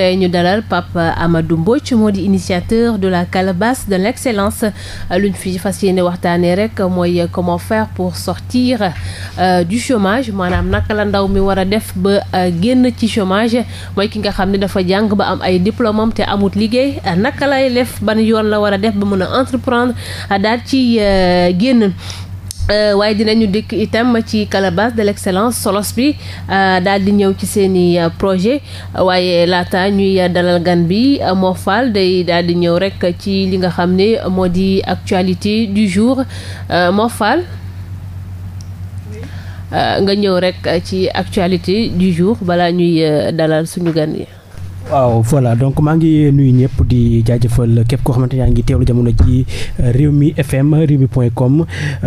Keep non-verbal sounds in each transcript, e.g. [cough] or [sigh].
tey ñu dalal Pape Amadou Mbodj moo di initiateur de la calebasse de l'excellence luñ fi fas yéene waxtaanee rek mooy comment faire pour sortir euh, du chômage maanaam naka la ndaw mi war a def ba euh, génn ci chômage mooy ki nga xam ni dafa jàng ba am ay diplôme te amut liggéey naka lay def ban yoon la war a def ba mën a entreprendre daal ci euh, génn Euh, waaye dinañu dikk itam ci calebasse de l'excellence solos bi euh, daal di ñëw ci seeni euh, projet waaye laata ñuy dalal gan bi Mor Fall day daal di ñëw rek ci li nga xam ne moo di actualité du jour Mor Fall nga ñëw rek ci actualité du jour balaa ñuy dalal suñu gan yi waaw voilà donc maa ngi nuyu ñëpp di jaajëfal képp koo xamante yaa ngi teewlu jamono ji euh, réew mi FM réew mi point com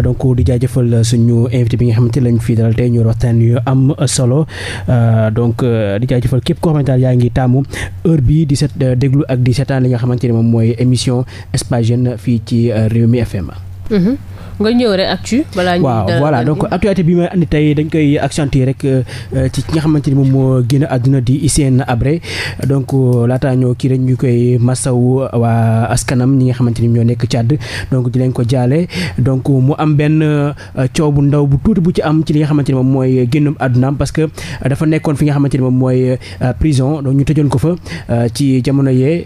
donc di jaajëfal suñu invité bi nga xamante lañ fii dalal tey ñu waxtaan yu am solo euh, donc euh, di jaajëfal képp koo xamante yaa ngi taamu heure bi di set déglu ak di seetaan li nga xamante ne moom mooy émission Espace fii ci réew mi FM. Mm-hmm. nga ñëw rek actu balaa waaw voilà donc actualité bi may andi tey dañ koy accentuer rek euh, euh, ci ki nga xamante ni moom moo génn àdduna di Hissène abre donc euh, laataa ñoo kii rek ñu koy masawu waa askanam ñi nga xamante ni ñoo nekk Tchad donc di lañ ko jaale donc mu am benn coow bu ndaw bu tuuti bu ci am ci li nga xamante ni moom mooy génnum àddunaam parce que dafa nekkoon fi nga xamante ni moom mooy prison donc ñu tëjoon ko fa ci jamono yee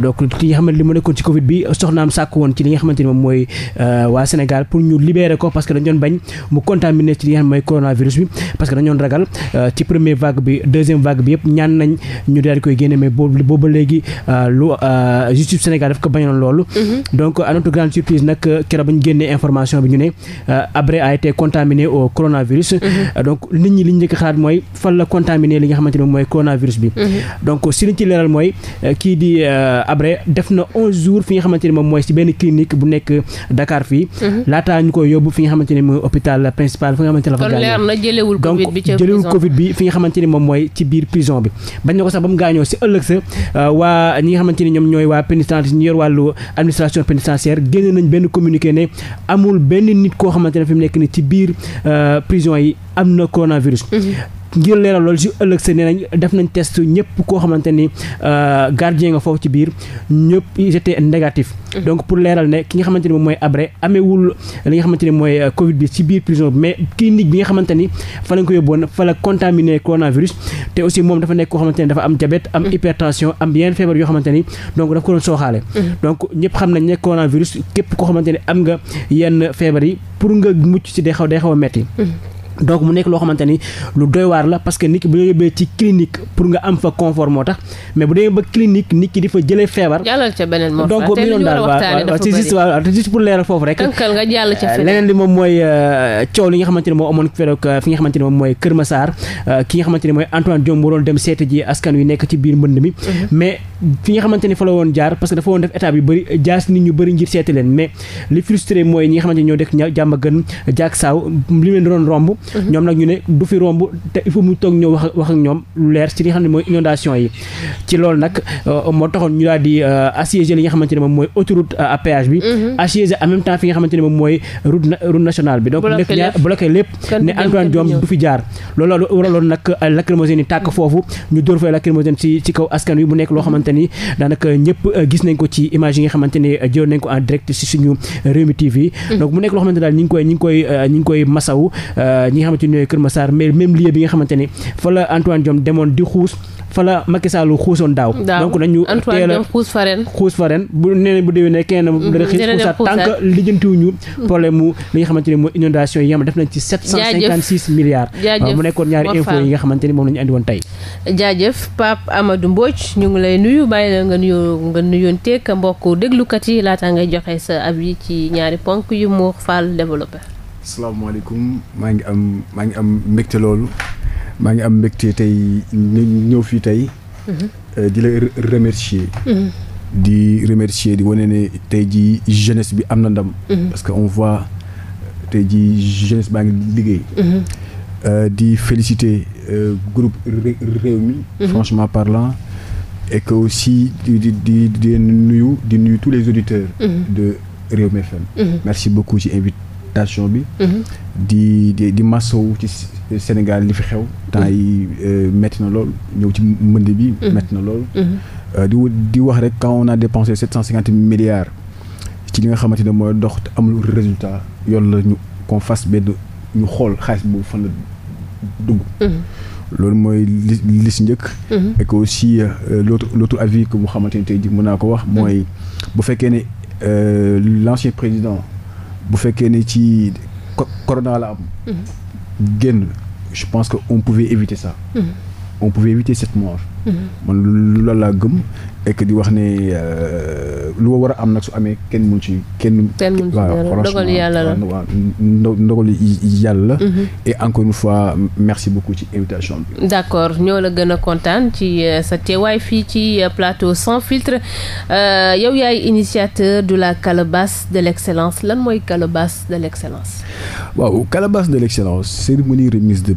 donc li nga xamante ni mu nekkoon ci Covid bi soxnaam sàkk woon ci li nga xamante ni moom mooy waa Sénégal pour ñu libérer ko parce que dañ doon bañ mu contaminé ci li nga xam mooy coronavirus bi que dañ doon ragal euh, ci première vague bi deuxième vague bi yëpp ñaan nañ ñu daal di koy génne mais boobu boobu léegi euh, lu euh, mm-hmm. donc à bi ñu ne Habré a été contaminé au coronavirus. Mm-hmm. donc ñi li ñu mooy fan la contaminé li nga xamante ne mooy coronavirus bi. Mm-hmm. donc si liñ di Habré def na 11 jours fi nga xamante ne moom mooy si benn clinique bu nekk Dakar fii. laataa ñu koy yóbbu fi nga xamante ni mooy hôpital principal fi nga xamante ni la fa gaañoo donc jëlewul covid bi fi nga xamante ni moom mooy ci biir prison bi bañ na ko sax ba mu gaañoo si ëllëg sa euh, waa ñi nga xamante ni ñoom ñooy waa pénitentiaire ñu yor administration pénitentiaire génn nañ benn communiqué ne amul benn nit koo xamante ne fi mu nekk ni ci biir euh, prison yi am na coronavirus mhm. ngir leeral loolu si ëllëg sa nee nañ def nañ test ñëpp koo xamante euh, gardien nga foofu ci biir ñëpp ils étaient négatifs mm-hmm. donc pour leeral ne ki nga xamante ni moom mooy Habré ameewul li nga xamante ni mooy euh, Covid bi si biir prison bi mais clinique bi nga xamante ni fa lañ ko yóbboon fa la contaminé coronavirus te aussi moom dafa nekk koo xamante ni dafa am diabète am mm-hmm. hypertension am yeneen feebar yoo xamante ni donc dafa ko doon sooxaale mm-hmm. képp koo xamante ni am nga yenn feebar yi pour nga mucc si day xaw day xaw a metti donc mu nekk loo xamante ni lu doy waar la parce que nit ki bu ñu yóbbee ci clinique pour nga am fa confort moo tax mais bu demee ba clinique nit ki di fa jëlee feebar. jàllal ca beneen moo donc bi ñu daal waaw ci juste waaw juste pour leeral foofu rek. tënkal nga jàll ca feneen leneen li moom mooy euh, coow li nga xamante ne moo amoon keroog euh, fi nga xamante ne moom mooy Kër Massar euh, ki nga xamante ne mooy Antoine Diome waroon dem seeti ji askan wi nekk ci biir mbënd mi. Mhm. mais fi nga xamante ne fa la woon jaar parce que dafa woon def état bi bëri jaas nit ñu bëri ngir seeti leen mais li frustré mooy ñi nga xamante ne ñoo dëkk jàmm gën jaak saaw li leen doon romb ñoom nag ñu ne du fi romb te il faut mu toog ñëw wax wax ak ñoom lu leer ci li nga xam mooy inondation yi ci loolu nag euh, moo taxoon ñu daal di euh, assiéger li nga xamante ne moom mooy autoroute euh, mhm. route nationale bi donc nekk yi tàkk foofu ñu mu nekk loo xamante ko ko mhm. daal ñi koy ñi koy ñi ñi nga xamante ni ñooy Kër Massar mais même lieu bi nga xamante ni fa la daaw a xuus fa ren xuus fa ren bu nee ne bu déwénee keneen mhm. dara xiis mhm. nga xamante ni mooy inondation yi def nañ ci sept cent cinquante six milliards waaw mu nekkoon ñaari info yi nga xamante moom la ñu andi woon tey jaajëf Pape Amadou Mbodj ñu ngi lay nuyu bàyyi nga nuyoo nga nuyoon mbokk déglukat yi laata ngay joxe sa ab yi ci ñaari ponk yu mu faal développé salaamaaleykum maa ngi am maa ngi am mbégte loolu maa ngi am mbégte tey ñëw fii tey. Mhm. Euh, di la remercier. Mhm. di remercier di wane ne tey jii jeunesse bi am na ndam. Mhm. parce que on voit tey jii jeunesse baa ngi liggéey. Euh, di féliciter euh, groupe Rewmi. franchement parlant. et que aussi di di di nuyu di nuyu tous les auditeurs. de Rewmi FM. merci beaucoup ci invite. invitation bi. Mhm. di di di masawu ci Sénégal li fi xew. temps mhm. yi euh, métti na lool ñëw ci mbënd bi. métti mhm. na lool. Euh, di wax rek quand on a dépensé sept cent cinquante milliards ci li nga xamante ne mooy dox te amul résultat yoon ñu qu'on fasse benn ñu xool xaalis boobu fan la dugg. loolu mooy li li si njëkk. et que aussi euh, l'autre l'autre avis que bu xamante ni tey jii naa ko wax. mooy bu fekkee ne l'ancien président. bu fekkee ni ci corona la am. Mhm. génn je pense que on pouvait éviter ça. Mhm. on pouvait éviter cette mort. Mhm. man loolu la gëm et di wax ne euh, lu war a am nag su amee kenn mun ci kenn. kenn yàlla la waaw ndogal yàlla la. Mhm. encore une fois merci beaucoup ci invitation bi. d' accord ñoo la gën a kontaan ci euh, sa teewaay fii ci euh, plateau sans filtre yow yaay initiateur du la calebasse de l' lan mooy calebasse de l' excellence. waaw calebasse de l' excellence cérémonie remise de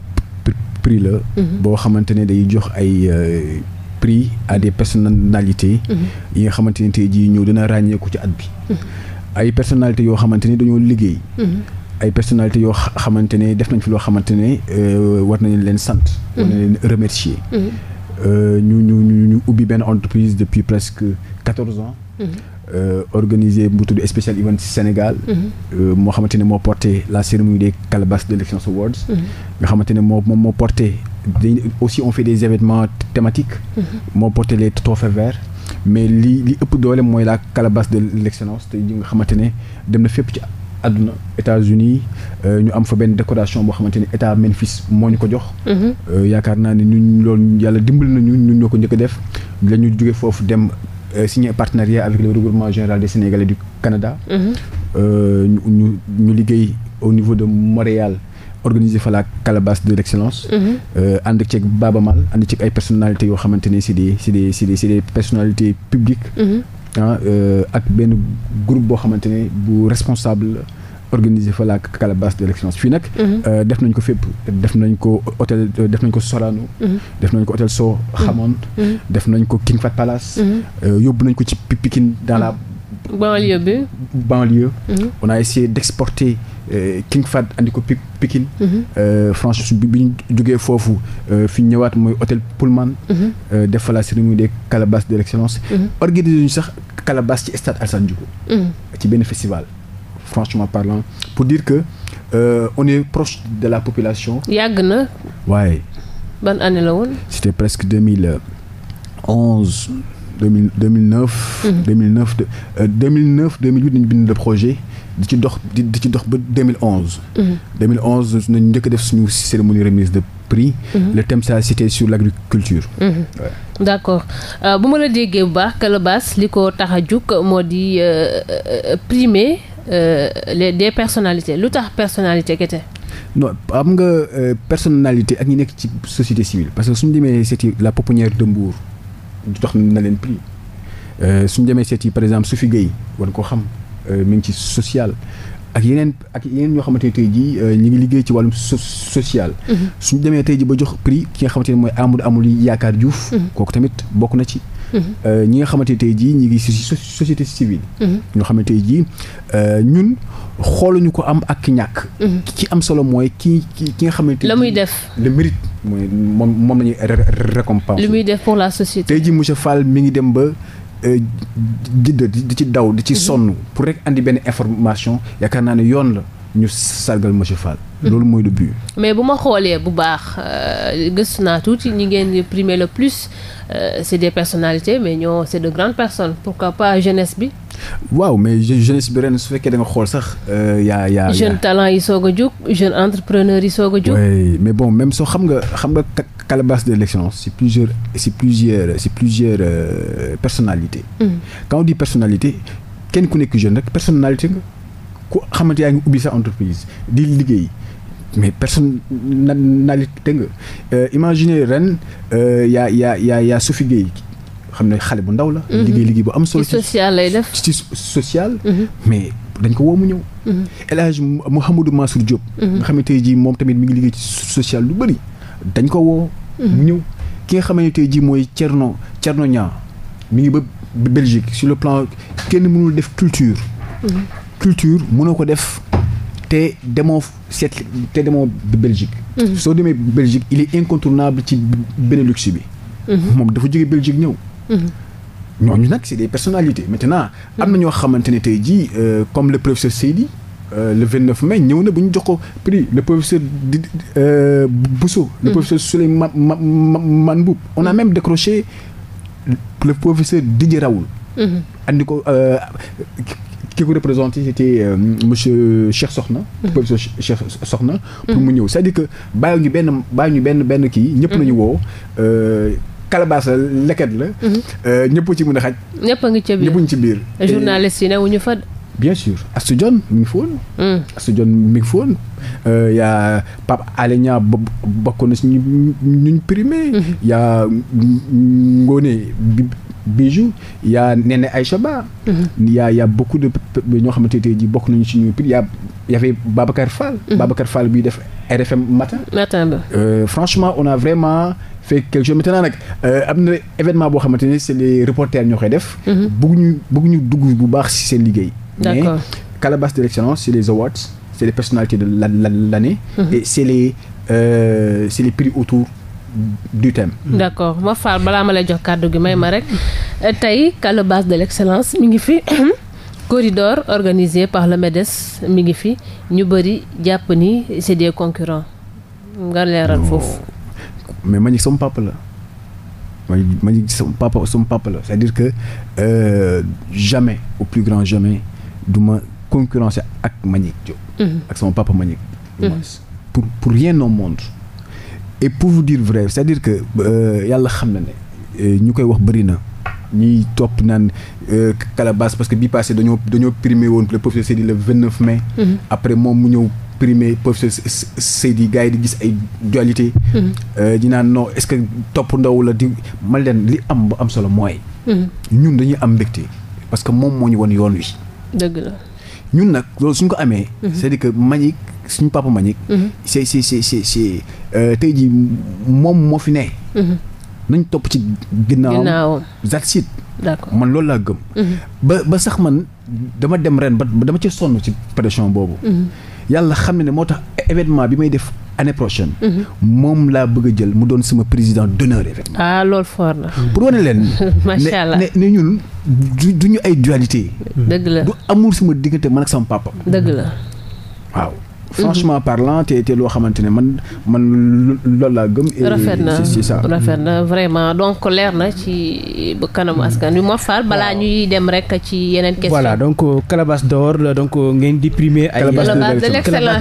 prix la. Mhm. boo xamante ne day jox ay. prix à des personnalités mhm. yi nga xamante ni tey jii ñëw dina ràññeeku ci at bi mhm. ay personnalités yoo xamante ni dañoo liggéey mhm. ay personnalités yoo xamante ne def nañ fi loo xamante ne euh, war nañ leen sant war nañ leen euh, ñu ñu ñu ubbi benn entreprise depuis presque quatorze ans euh, organisé bu tudd spécial event Sénégal moo xamante ne moo porté la cérémonie des Calabasas de l'Excellence Awards nga xamante moo moom aussi on fait des événements thématiques mm-hmm. moo porté les trophées verts mais li li ëpp doole mooy la calebasse de l'excellence te ñi nga xamante ne dem na fépp ci àdduna États-Unis euh, ñu am fa benn décoration boo xamante ne état Memphis moo ñu ko jox mm-hmm. euh, yaakaar naa ni ñu loolu yàlla dimbali nañu ñu ñoo ko njëkk a def la ñu jóge foofu dem euh, signer partenariat avec le regroupement général des Sénégalais du Canada mm-hmm. ñu ñu liggéey au niveau de Montréal organiser fa la calebasse de l' excellence. Mhm. Euh, ceeg Baba Mal ceeg ay personnalités yoo xamante ne c' est des c' est des c' est des mhm. ah, euh, ak benn groupe boo xamante bu responsable. organiser fa la calebasse de l'excellence fii nag mhm. euh, def nañ ko fépp def nañ ko hôtel def nañ ko Sorano def nañ ko hôtel Soo xamoon def nañ ko King Fat yóbbu nañ ko ci Pikine dans banlieue bi. banlieue. Mhm. on a essayé d'exporter euh, King Fahd andi ko Pikine. Mhm. Euh, France bi ñu jógee foofu euh, fi ñu ñëwaat mooy hôtel Pullman. Mhm. def fa la cérémonie des de l'excellence. organiser ñu sax calebasse ci stade Alassane Djigo. ci benn festival. franchement parlant pour dire que euh, on est proche de la population. yàgg na. waaye. ban année la woon. c'était presque 2000 2009. 2009 2009 2008 nañ bind le projet di ci dox di ci dox ba 2011. 2011 nañ njëkk def suñu cérémonie remise de prix. Mm-hmm. le thème ça c'était sur l'agriculture. Mm-hmm. d'accord euh, bu ma la déggee bu baax Calebasse li ko tax a jug moo di euh, euh, primer les des personnalités lu tax personnalité kete. non am nga personnalité ak ñi nekk ci société civile parce que suñ demee c'était la pouponnière de Mbour. jox na leen prix euh, suñ demee seet yi par exemple Soufi Gueye war ko xam euh, mi ngi ci social ak yeneen ak yeneen ñoo xamante ne ji euh, ñu ngi liggéey ci wàllum social. Mhm. suñ demee tey ji ba jox prix ki nga xamante ne mooy Amadou Amadou Yaakaar Diouf. Mhm. kooku tamit bokk na ci. Euh, ñi nga xamante tey jii ñi ngi si société civile. Mhm. ñoo xamante tey jii euh, ñun xooluñu ko am ak ñàkk. Mhm. ki am solo mooy ki ki ki nga xamante la muy def le mérite mooy moom moom la ñuy li muy def pour la société. tey jii monsieur Fall mi ngi dem ba. Euh, di di ci daw di ci mhm. sonn pour rek indi benn information yaakaar naa ne yoon la ñu sargal monsieur Fall. loolu mooy le but. mais bu ma xoolee bu baax euh, gëstu naa tuuti ñi ngeen di primer le plus euh, c' est des personnalités mais ñoo c' de de grandes personnes pourquoi pas jeunesse bi. waaw mais jeunesse bi ren su fekkee da xool sax euh, yaa yaa. jeune talent yi soog a jóg jeune entrepreneur yi soog a jóg. mais bon même soo xam nga xam nga calebasse de l' excellence c' est plusieurs c' est plusieurs c' plusieurs personnalités. quand on dit personnalité kenn ku nekk jeune rek personnalité nga. ku xamante yaa ngi ubbi sa entreprise di liggéey mais personne personnalité nga euh, imaginez ren euh, yaa yaa yaa yaa Sophie Gueye xam ne xale bu ndaw la. Mhm. liggéey liggéey bu am solo. ci social lay def ci social. Mhm. mais dañ ko woo mu ñëw. Mhm. El Hadj Mouhamadou Mansour Diop. nga xamante ne jii moom tamit mu ngi liggéey ci social lu bëri dañ ko woo. mu ñëw ki nga xamante ne jii mooy Thierno Thierno Niang mu ngi ba Belgique sur le plan kenn mënul def culture. culture mënoo ko def te demoo siècle te demoo Belgique. Mhm. soo demee Belgique il est incontournable ci Benelux bi. Mhm. moom dafa jógee Belgique ñëw. Mhm. ñooñu nag c'est des personnalités maintenant. am na ñoo xamante ne tey jii euh, comme le professeur Seydi euh, le 29 mai ñëw na bu ñu jox ko prix le professeur di euh, Bousso. le professeur Souleymane Man Mboup on a même décroché le professeur Didier Raoul. andi ki ko représenté c'était euh, monsieur Cheikh Sokhna. Mhm. professeur Cheikh Sokhna. pour mu mhm. ñëw c'est-à-dire que bàyyi ñu benn bàyyi ñu benn benn kii. ñëpp mhm. nañu woo. Euh, calebasse la leket la. Euh, ñëpp ci mun a xaj. ñëpp a ngi ci biir ñëpp ngi ci biir. journaliste yi ne wuñu fa. bien sûr Astou mi ngi foon. Mm. Astou mi ngi foon. Euh, y' a Pape Alé Niang bokk na si ñu ñu primé. y' a Bijou il y a Néné Aïcha Ba mm-hmm. il y a il ñoo xamante tey jii bokk nañu ci ñuy il y a il y avait Babacar Fall mm-hmm. Babacar Fall buy def RFM matin matin ba euh, franchement on a vraiment fait quelque chose maintenant nag euh, am na événement boo xamante ne c'est les reporters ñoo koy def mm-hmm. bëgg ñu bëgg ñu dugg bu baax ci seen liggéey mais calebasse de l'excellence c'est les awards c'est les personnalités de l'année et c'est les euh, c'est les prix autour du thème. Mm. d' ma faal balaa ma lay jox kàddu gi may ma rek tey base de l' excellence mu ngi fi. [coughs] corridor organisé par le MEDES mi ngi fi ñu bëri jàpp ni c' est des concurrents nga leeral foofu. mais ma ñu sama papa la ma ñu ma ñu sama papa sama papa la c' est dire que euh, jamais au plus grand jamais du ma concurrencer ak Mbagnick Diop. Mm-hmm. ak sama papa Mbagnick. Mm-hmm. pour rien au monde. et pour vous vrai cest dire que euh, yàlla xam na ne euh, ñu koy wax bëri na ñuy topp naan euh, calebasse parce que bii passé dañoo dañoo primé woon le professeur Seydi le vingt neuf mm-hmm. après moom mu ñëw primé professeur Seydi gars yi di gis ay dualité. Mm-hmm. di naan non est-ce que topp ndaw la di man leen li am bu am solo mooy. Mm-hmm. ñun dañuy am mbégte parce que moom moo ñu won yoon wi. dëgg la ñun nag loolu suñ ko amee. cest à que Mbagnick suñu papa Mbagnick. Mhm. c' est c' est c' est euh, moom moo fi ne. Mhm. nañ topp ci ginnaawam that's it man loolu laa gëm mhm. ba ba sax man dama dem ren ba dama ci sonn ci pression boobu yàlla xam ne ne moo tax événement bi may def année prochaine moom laa bëgg a jël mu doon sama président d'honneur événement ah loolu fort na pour wane leen [laughs] macha allah ne ne ñun du ñu ay dualité du amul sama diggante man ak sama papa dëgg la franchement parlant te te loo xamante ne man man loolu laa gëm. rafet na rafet na vraiment donc leer na ci ba kanamu askan wi Mor Fall balaa ñuy dem rek ci yeneen. question voilà donc calebasse d'or donc ngeen di primer ay. calebasse de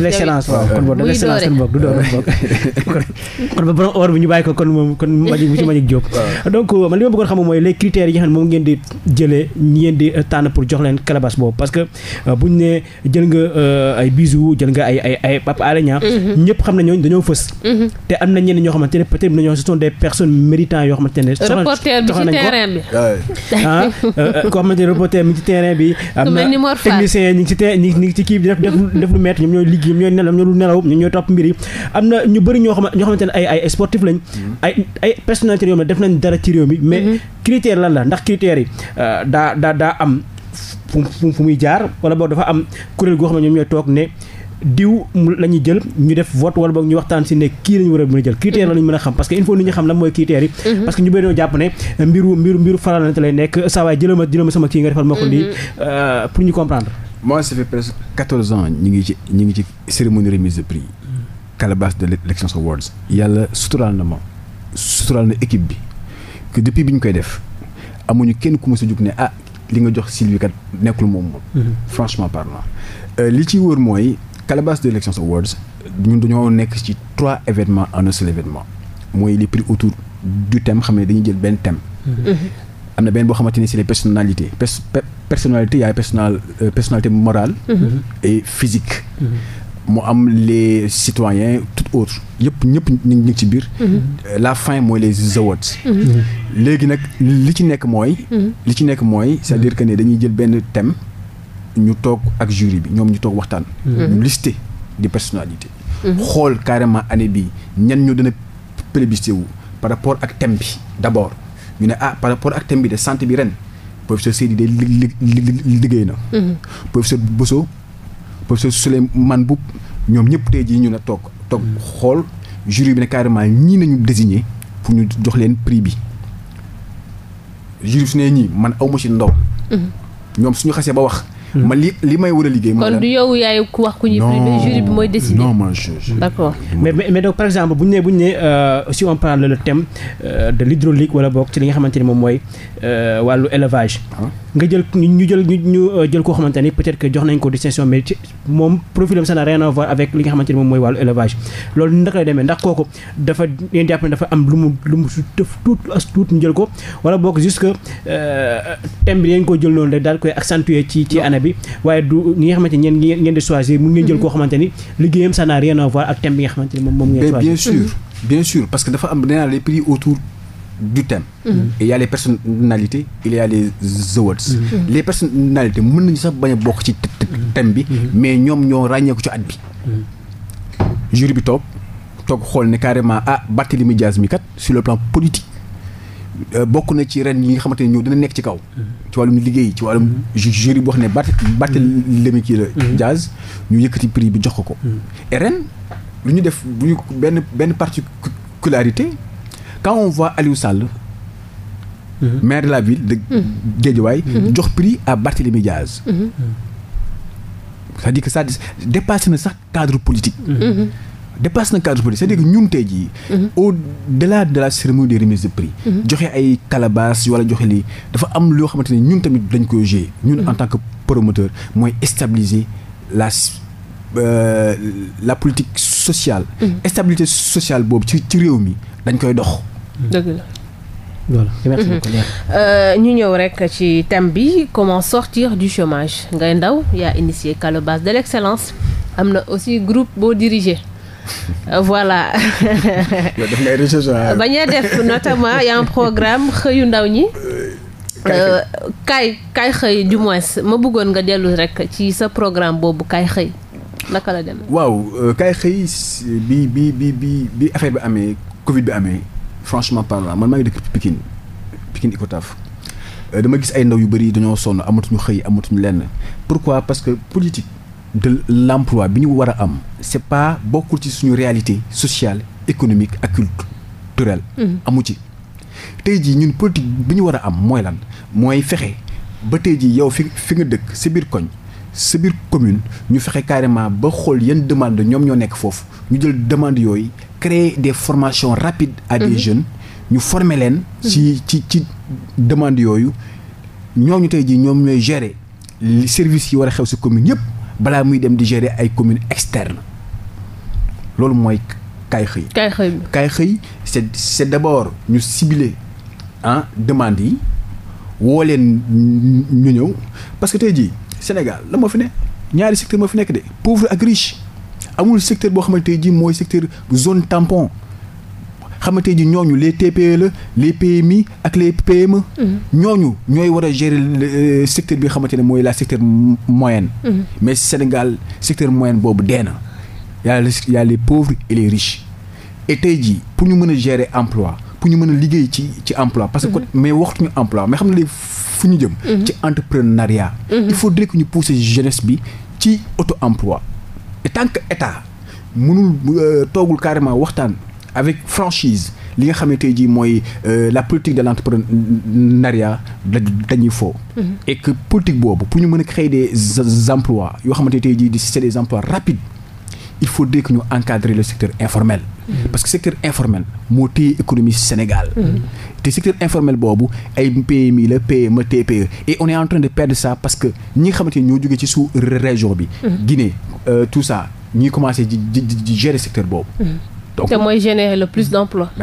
l'excellence waaw kon boobu de l'excellence seen donc man li ma bëggoon xam mooy les critères yi nga moom ngeen di jëlee ngeen di tànn pour jox leen calebasse boobu parce que buñ ne jël nga ay bijoux jël nga ay. ay ay Pape Alé Niang mhm. ñëpp xam ne ñooñu dañoo fës mhm. te am na ñenn ñoo xamante ne peut-être ñooñu ce sont des personnes méritant yoo xamante ne reporter bi ci terrain bi ah, ah koo xamante ne reporter mi ci terrain bi am na technicien ñi ngi ci te ñi ngi ci kii bi def def lu metti ñoom ñooy liggéey ñoom ñooy nelaw ñoom ñooy nelaw ñoom ñooy topp mbir yi am na ñu bëri ñoo xam ñoo xamante ne ay ay sportif lañ mhm. ay ay personnalité yoo xam ne def nañ dara ci réew mi mais critère lan la ndax critères yi euh, daa daa daa am fu fu muy jaar wala boog dafa am kuréel goo xam ne ñoom ñooy toog ne diw la jël ñu def vote wala boog ñu waxtaan si ne kii la ñu war a mën a jël critère la mën a xam parce que il faut nit ñi xam lan mooy critères yi mhm. parce que ñu bëri jàpp ne mbiru mbiru mbiru faralante lay nekk saa waay jëlama sama kii nga defal ma ko mhm. euh, pour ñu comprendre moi ça fait presque quatorze ans ngi ci ñu ngi ci cérémonie remise de prix mhm. calebasse de l'élection awards yàlla suturaal na bi que bi ñu koy def amuñu kenn ku ma sa ne ah li nga jox Sylvie kat nekkul moom moom franchement euh, li ci wóor mooy calebasse de l'Elections Awards ñun dañoo nekk ci trois événements en un seul mooy li pris autour du thème xam ne dañuy jël benn thème. Mm-hmm. am na benn boo xamante ni c'est les personnalités pers personnalité yaay personnal euh, personnalité morale. Mm-hmm. et physique. Mm-hmm. mu am les citoyens tout autre yëpp ñëpp ñu ngi ci biir. la fin mooy les awards. léegi nag li ci nekk mooy. li ci nekk mooy c'est-à-dire que ne dañuy jël benn thème. ñu toog ak jury bi ñoom ñu toog waxtaan. Mhm. ñu listé des personnalités. Mhm. xool carrément année bi ñan ñu dina plébiscité wu par rapport ak thème bi d' abord ñu ne ah par rapport ak thème bi de sant bi ren professeur Seydi de liggéey na. Mhm. professeur Bousso professeur Souleymane Boub ñoom ñëpp tey jii ñu ne toog toog xool jury bi ne carrément ñii nañu désigné pour ñu jox leen prix bi jury su ne ñii man awma ci ndaw ñoom suñu xasee ba wax ma li li may war a liggéey. kon du yow yaay ku wax ku ñu. non jury bi mooy décider. non moi d'accord mais mais donc par exemple bu ñu nee bu ñu nee euh, si on parle le thème euh, de l'hydraulique wala boog ci li nga xamante ni moom mooy euh, wàllu élevage. Ah. nga jël ñu jël ñu euh, jël koo xamante ni peut-être que jox nañ ko distinction mais moom profil am ça n'a avec li nga xamante ni moom mooy wàllu élevage loolu naka lay demee am lu mu mu def tuut as jël ko wala boog juste que euh, thème bi ngeen ko ci ci ana bi nga jël koo mm-hmm. xamante ni liggéeyam ça n'a ak thème nga xamante moom moom ngeen choisir bien sûr bien sûr parce que dafa am danaa les prix autour du thème. Mm-hmm. il y a les personnalités il y a les awards. Mm-hmm. les personnalités mën nañu sax bañ a bokk ci mm-hmm. thème bi. mais ñoom ñoo ràññeeku ci at bi. jury bi toog toog xool ne carrément ah Barthélémy Dias mi kat su le plan politique. Euh, bokk na ci ren yi nga xamante ne ñëw dina nekk ci kaw. ci wàllum liggéey ci wàllum jury boo xam ne Bart Barthélémy kii la. Dias ñu yëkkati prix bi jox ko ko. ren lu ñu def bu benn benn particularité. quand on voit Aliou Sall. Mhm. maire de la ville de mhm. Guédiawaye mhm. jox prix à Barthélémy médiage c'est-à-dire que ça dépasse na sax cadre politique dépasse na cadre politique cest à que ñun tey jii au delà de la cérémonie des remises de prix joxe ay calabas wala joxe lii dafa am loo xamante ni ñun tamit dañ koy jouer ñun en tant que promoteur mooy stabiliser la euh, la politique sociale stabilité sociale boobu ci ci réew mi dañ koy dox dëgg mhm. euh, ñu ñëw rek ci thème bi comment sortir du chômage ngay ndaw yaa initié calebasse de l'excellence am na aussi groupe boo dirigé euh, voilà. [laughs] ba ñuy def notamment y programme xëyu ndaw ñi. Euh, kaay kaay xëy du moins ma bëggoon nga dellu rek ci sa programme boobu kaay xëy naka la dem waaw kaay xëy bi bi bi bi bi bi amee Covid bi amee. franchement parlant man maa ngi dëkk Pikine Pikine Icotaf euh, dama gis ay ndaw yu bëri dañoo sonn amatuñu xëy amatuñu lenn pourquoi parce que politique de bi ñu war a am c'est pas bokkul ci suñu réalité sociale économique ak culturelle mm-hmm. amu ci tey jii ñun politique bi ñu war a am mooy lan mooy fexe ba tey ji yow fi fi nga dëkk sa biir koñ sa biir commune ñu fexe carrément ba xool yan demande ñoom ñoo nekk foofu ñu jël demande yooyu créer des formations rapide à mhm. jeunes ñu former leen ci mhm. ci ci demande yooyu ñooñu tey jii ñoom ñooy gérer service yi war a xew si commune yëpp bala muy dem di gérer ay communes externes loolu mooy kaay xëy kaay xëy c'est c'est d'abord ñu cibler ah demande yi woo leen ñu ñëw parce que tey jii Sénégal la moo fi ne ñaari secteur moo fi nekk de pauvre ak riche amul secteur boo xamante ji mooy secteur zone tampon xamante ji ñooñu les TPE la les PMI ak les PME. Mm-hmm. ñooñu ñooy war a gérer euh, secteur bi xamante ne mooy la secteur moyenne. Mm-hmm. mais Sénégal secteur moyenne boobu dee na yàlla a les y a les pauvres et tey jii pour ñu mën a gérer emploi pour ñu mën a liggéey ci ci emploi parce que mhm. mais waxtuñu emploi mais xam ne léegi fu ñu jëm mhm. ci entrepreneuriat mhm. il faudrait que ñu pousser jeunesse bi ci auto emploi et tant que état mënul euh, toogul carrément waxtaan avec franchise li nga xam ne tey jii mooy euh, la politique de l' entrepreneuriat dañuy faux. et que politique boobu pour ñu mën a créer des emplois yoo xamante tey jii di c'est des emplois il faudrait que ñu encadrer le secteur informel. Mm-hmm. parce que secteur informel moo téye économie Sénégal. Mm-hmm. te secteur informel boobu ay PMI la PME TPE. et on en train de perdre ça parce que ñi nga xamante ni ñoo jógee ci sous région bi. Mm-hmm. Guinée euh, tout ça ñuy commencé di di di gérer secteur boobu. donc te mooy mm-hmm.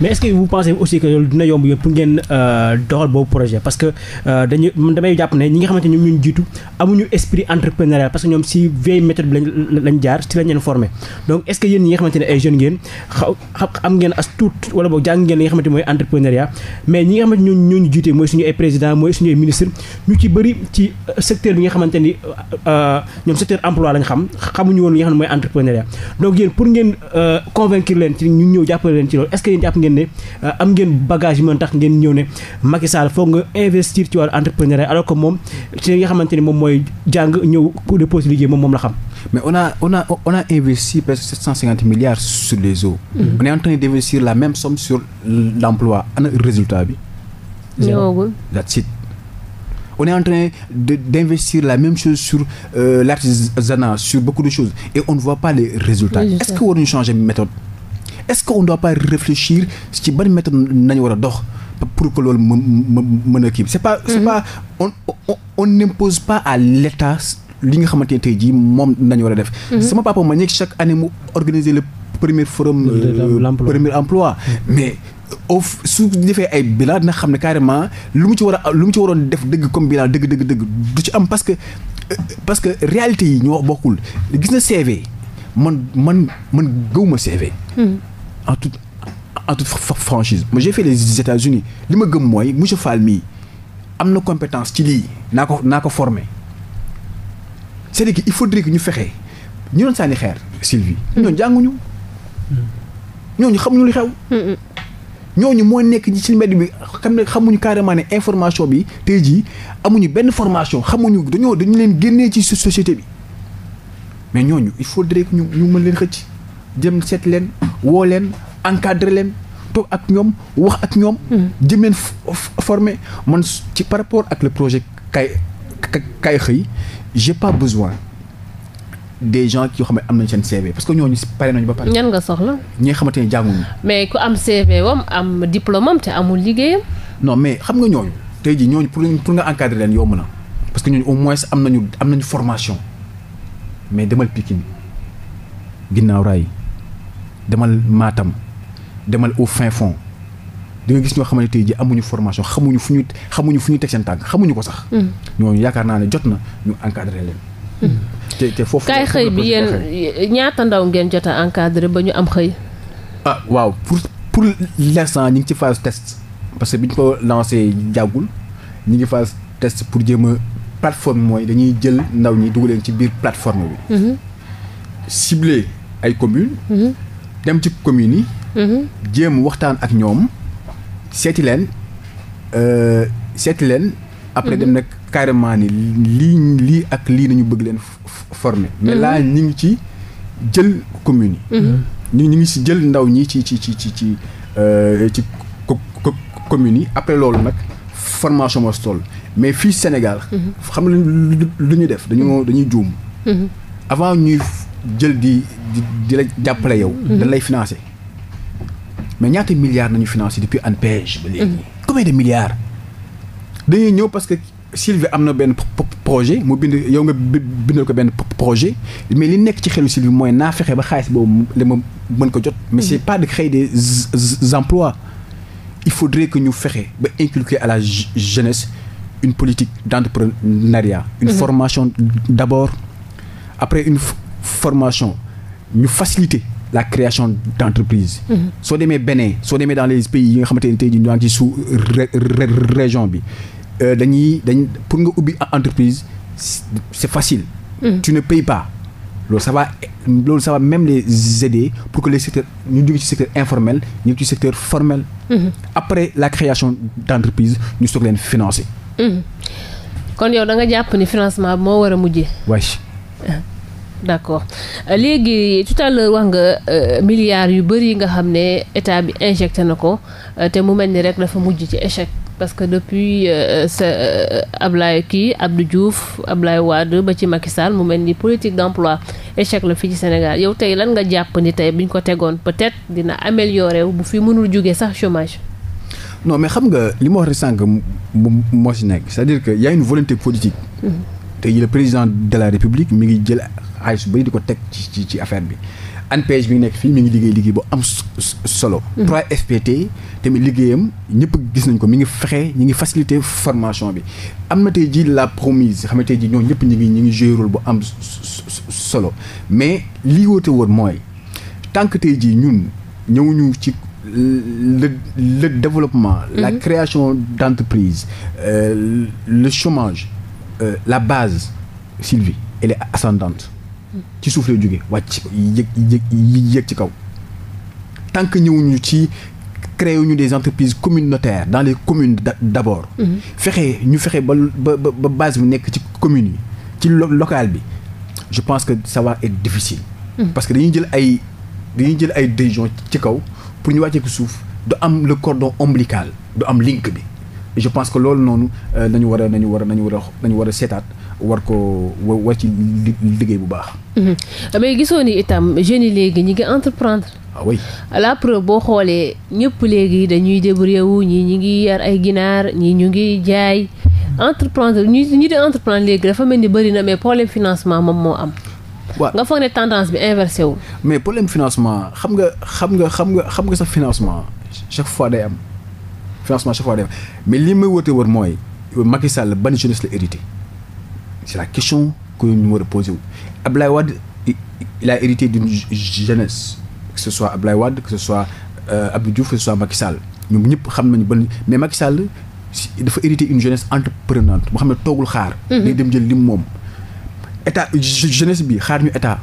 mais est ce que vous pensez aussi que loolu dina yomb yëpp pour ngeen euh, doxal boobu projet parce que euh, dañuy damay jàpp ne ñi nga xamante ni ñoom ñu jiitu amuñu esprit entrepreneurial parce que ñoom si vieille méthode bi lañ jaar si lañ leen donc est ce ñi nga xamante ne ay jeunes ngeen xaw am ngeen as tuut wala boog jàng ngeen li nga xamante mooy entrepreneuriat mais ñi nga xamante ñoo ñoo ñu jiite mooy suñu ay président mooy suñu ay ministre ñu ci bëri ci euh, secteur bi nga xamante ni ñoom secteur emploi lañ xam xamuñu woon li nga mooy entrepreneuriat donc convaincre leen ci ñu ñëw jàppale leen ci loolu est-ce que yéen jàpp ngeen ne euh, am ngeen bagage yu mën tax ngeen ñëw ne Macky Sall foog nga investir ci wàllu entrepreneuriat alors que moom ci li xamante ni moom mooy jàng ñëw pour de poste liggéey moom moom la xam. mais on a on a on a investi presque 750 milliards sur les eaux. Mmh. on est en train d'investir la même somme sur l'emploi ana résultat bi. ñëwagul. that's it. on est en train d'investir la même chose sur euh, l'artisanat, sur beaucoup de choses, et on ne voit pas les résultats. Oui, Est-ce qu'on doit changer de méthode Est-ce qu'on ne doit pas réfléchir ci ban méthode nañu war a dox pour que loolu mën a kii c'est pas c'est mhm. pas on on on n'impose pas à l'État li nga xamante ne tey jii moom nañu war a def. Mhm. sama papa ma nekk chaque année mu organiser le premier forum. Euh, premier emploi mhm. mais au su defee ay bilan dina xam ne carrément lu mu ci war lu mu ci waroon def dëgg comme bilan dëgg dëgg dëgg du ci am parce que parce que réalité yi ñu wax bokkul gis na CV man man man gëwuma CV. Hmm. en toute en toute franchise. moi j'ai fait les États-Unis li ma gëm mooy monsieur Fall mii am na compétence ci lii naa ko naa ko former c'est-à-dire que il faudrait que ñu fexe ñu doon sànni xeer Sylvie. Hmm. ñooñu jànguñu. Hmm. ñooñu xamuñu li xew. ñooñu moo nekk ñi ci mbedd bi xam ne xamuñu carrément ne information bi tey jii amuñu benn formation xamuñu dañoo dañu leen génnee ci société bi mais ñooñu il faudrait que ñu ñu mën leen xëcc jëm seet leen woo leen encadrer leen toog ak ñoom wax ak ñoom. Hmm. jëm leen former man ci par rapport ak le projet kay kay xëy j'ai pas besoin. des gens yoo xam ne am nañ seen CV parce que ñooñu pare nañu ba pare. ñan nga soxla. ñi nga xamante jànguñu. mais ku am CV wam am diplôme te amul liggéeyam. no mais xam nga ñooñu tey jii ñooñu pour pour nga encadrer leen yomb na parce que ñooñu au moins am na am nañu formation mais demal Pikine ginnaaw raay demal Matam demal au fin fond di nga gis ñoo xamante tey ji amuñu formation xamuñu fu ñu xamuñu fu ñu teg seen tànk xamuñu ko sax. Mm. ñooñu yaakaar naa ne jot na ñu encadrer te te kaay xëy bi yéen ñaata ndaw ngeen jot a encadré ba ñu am xëy. ah waaw pour pour l'instant ñu ngi ci phase test parce que bi ñu ko lancé jàggul ñu ngi fas test pour jéem a plateforme mooy dañuy jël ndaw ñi dugal leen ci biir plateforme bi. Mm-hmm. ciblé ay communes. Mm-hmm. dem ci commune yi. Mm-hmm. jéem waxtaan ak ñoom seeti leen euh, seeti leen. après dem nag. carrément ni lii lii ak lii nañu bëgg leen forme mhm. mais là ñu ngi ci jël commune yi mhm. ñu ngi si jël ndaw ñi ci ci ci ci ci euh, ci yi après loolu nag formation moo toll mais fii Sénégal mhm. xam lu lu ñu def dañoo dañuy juum avant ñuy jël di di la jàppale yow dañ lay financer mais ñaata milliards nañu financé depuis ANPEJ ba léegi combien de milliards dañuy ñëw parce Sylvie am na benn projet mu bind yow nga bindal ko benn projet mais li nekk ci xelu Sylvie mooy naa fexe ba xaalis boobu li ma mën ko jot mais c'est mm-hmm. pas de créer des emplois il faudrait que ñu fexe ba inculquer à la jeunesse une politique d'entrepreneuriat une mm-hmm. formation d'abord après formation ñu faciliter la création d'entreprise mm-hmm. soo demee Bénin soo demee dans les pays yi nga xamante ne tey jii ñu ngi ci sous région bi Euh, dañuy dañ pour nga ubbi entreprise c'est facile. Mmh. tu ne payes pas. loolu ça va loolu ça va même les aider pour que les secteurs ñu jóge ci secteur informel ñu ci secteur formel. Mmh. après la création d'entreprise ñu soog leen financer. Mm-hmm. kon yow da nga jàpp ni financement moo war a mujjee. waay. [laughs] d'accord léegi tout à wax nga euh, milliards yu bari yi nga xam ne état bi injecté na ko euh, te mu mel ni rek dafa mujj ci échec. parce que depuis euh, euh, sa euh, Ablaye kii Abdou Diouf Ablaye waad ba ci Macky Sall mu mel ni politique d'emploi échec la fii ci Sénégal yow tey lan nga jàpp ni tey bi ñu ko tegoon peut-être dina amélioré wu bu fi mënul jógee sax chomage non mais xam nga li ma wax rek sànq moo si nekk c'est-à-dire que y a une volonté politique. Mm-hmm. tey le président de la République mi ngi jël xaalis bëri di ko teg ci ci affaire bi ANPEJ bi ngi nekk fii mi ngi liggéey liggéey bu am solo 3FPT mm-hmm. tamit liggéeyam ñëpp gis nañ ko mi ngi fexe ñi ngi facilité formation bi am na tey ji la promise xam ne tey ji ñoo ñëpp ñi ngi ñi ngi joué rôle bu am solo mais lii woote woon mooy tant que tey ji ñun ñëwuñu ci le développement la mm-hmm. création d'entreprise euh, le chômage euh, la base Sylvie elle est ascendante ci suuf lay jóge wàcc yéeg yéeg yéeg ci kaw tant que ñëwuñu ci créé ñu des entreprises communautaires dans les communes d'abord mm-hmm. fexe ñu fexe ba ba ba base bi nekk ci commune yi ci local bi je pense que ça va être difficile mm-hmm. parce que dañuy jël ay dañuy jël ay décisions ci kaw pour ñu wàccee ko suuf du am le cordon ombilical du am link bi je pense que loolu noonu euh, nañu war a nañu war nañu war a nañu war seetaat war ko war ci liggéey bu baax. Mhm. mais gisoo ni itam jeunes yi léegi ñi ngi entreprendre. ah oui la preuve boo xoolee ñëpp léegi dañuy débrouiller wu ñii ñu ngi yar ay ginaar ñii ñu ngi jaay entreprendre ñi ñi di entreprendre léegi dafa mel ni bëri na mais problème financement moom moo am. waaw nga foog ne tendance bi inversé wu. mais problème financement xam nga xam nga xam nga xam nga sa financement chaque fois day am financement chaque fois day am mais li may woote war mooy Macky Sall ban jeunesse la c'est la question que ñu war a posé wu. Ablaye Wade il a hérité d'une jeunesse que ce soit Ablaye Wade que ce soit euh, Abdou Diouf que ce soit Macky Sall ñoom ñëpp xam nañu ba mais Macky Sall dafa hérité une jeunesse entreprenante boo xam ne toogul xaar. Mhm. day dem jël lim moom. état jeunesse bi xaar ñu état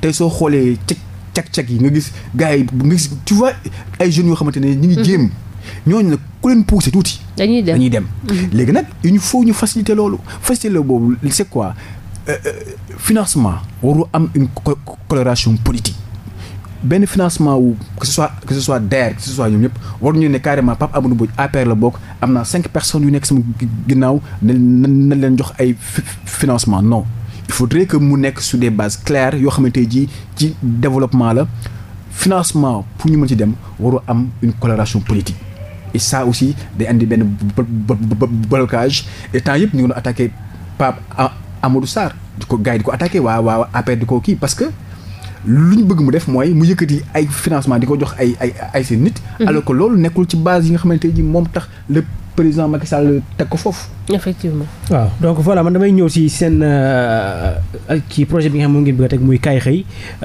tey soo xoolee cek cek cek yi nga gis gars yi nga gis tu vois ay jeunes yoo xamante ne ñu ngi mhm. jéem ñooñu nag. ku leen poussé tuuti. dañuy dem dañuy dem. Mm-hmm. léegi nag il faut ñu faciliter loolu faciliter loolu boobu c'est quoi euh, euh, financement warul am une coloration politique. benn financement wu que ce soit que DER que soit ñoom ñëpp war ñu ne carrément Pape Amadou Mbodj APR la bokk am na cinq personnes yu nekk sama ginnaaw na nañ leen jox ay financement non il faudrait que mu nekk su des base claires yoo xamante ji ci développement la financement pour ñu mën ci dem waru am une coloration politique et ça aussi day andi benn blocage et temps yëpp ñu ngi doon attaqué Pape Amadou Sarr di ko gars di ko attaqué waa waa di ko kii parce que lu ñu bëgg mu def mooy mu yëkkati ay financement di ko jox ay ay ay seen nit mm-hmm. alors ko loolu nekkul ci base yi nga xamante ji moom tax lépp président Macky Sall teg ko foofu. effectivement waaw donc voilà man damay ñëw si seen euh, ci projet bi nga xam moom ngeen bëgg a teg muy kaay xëy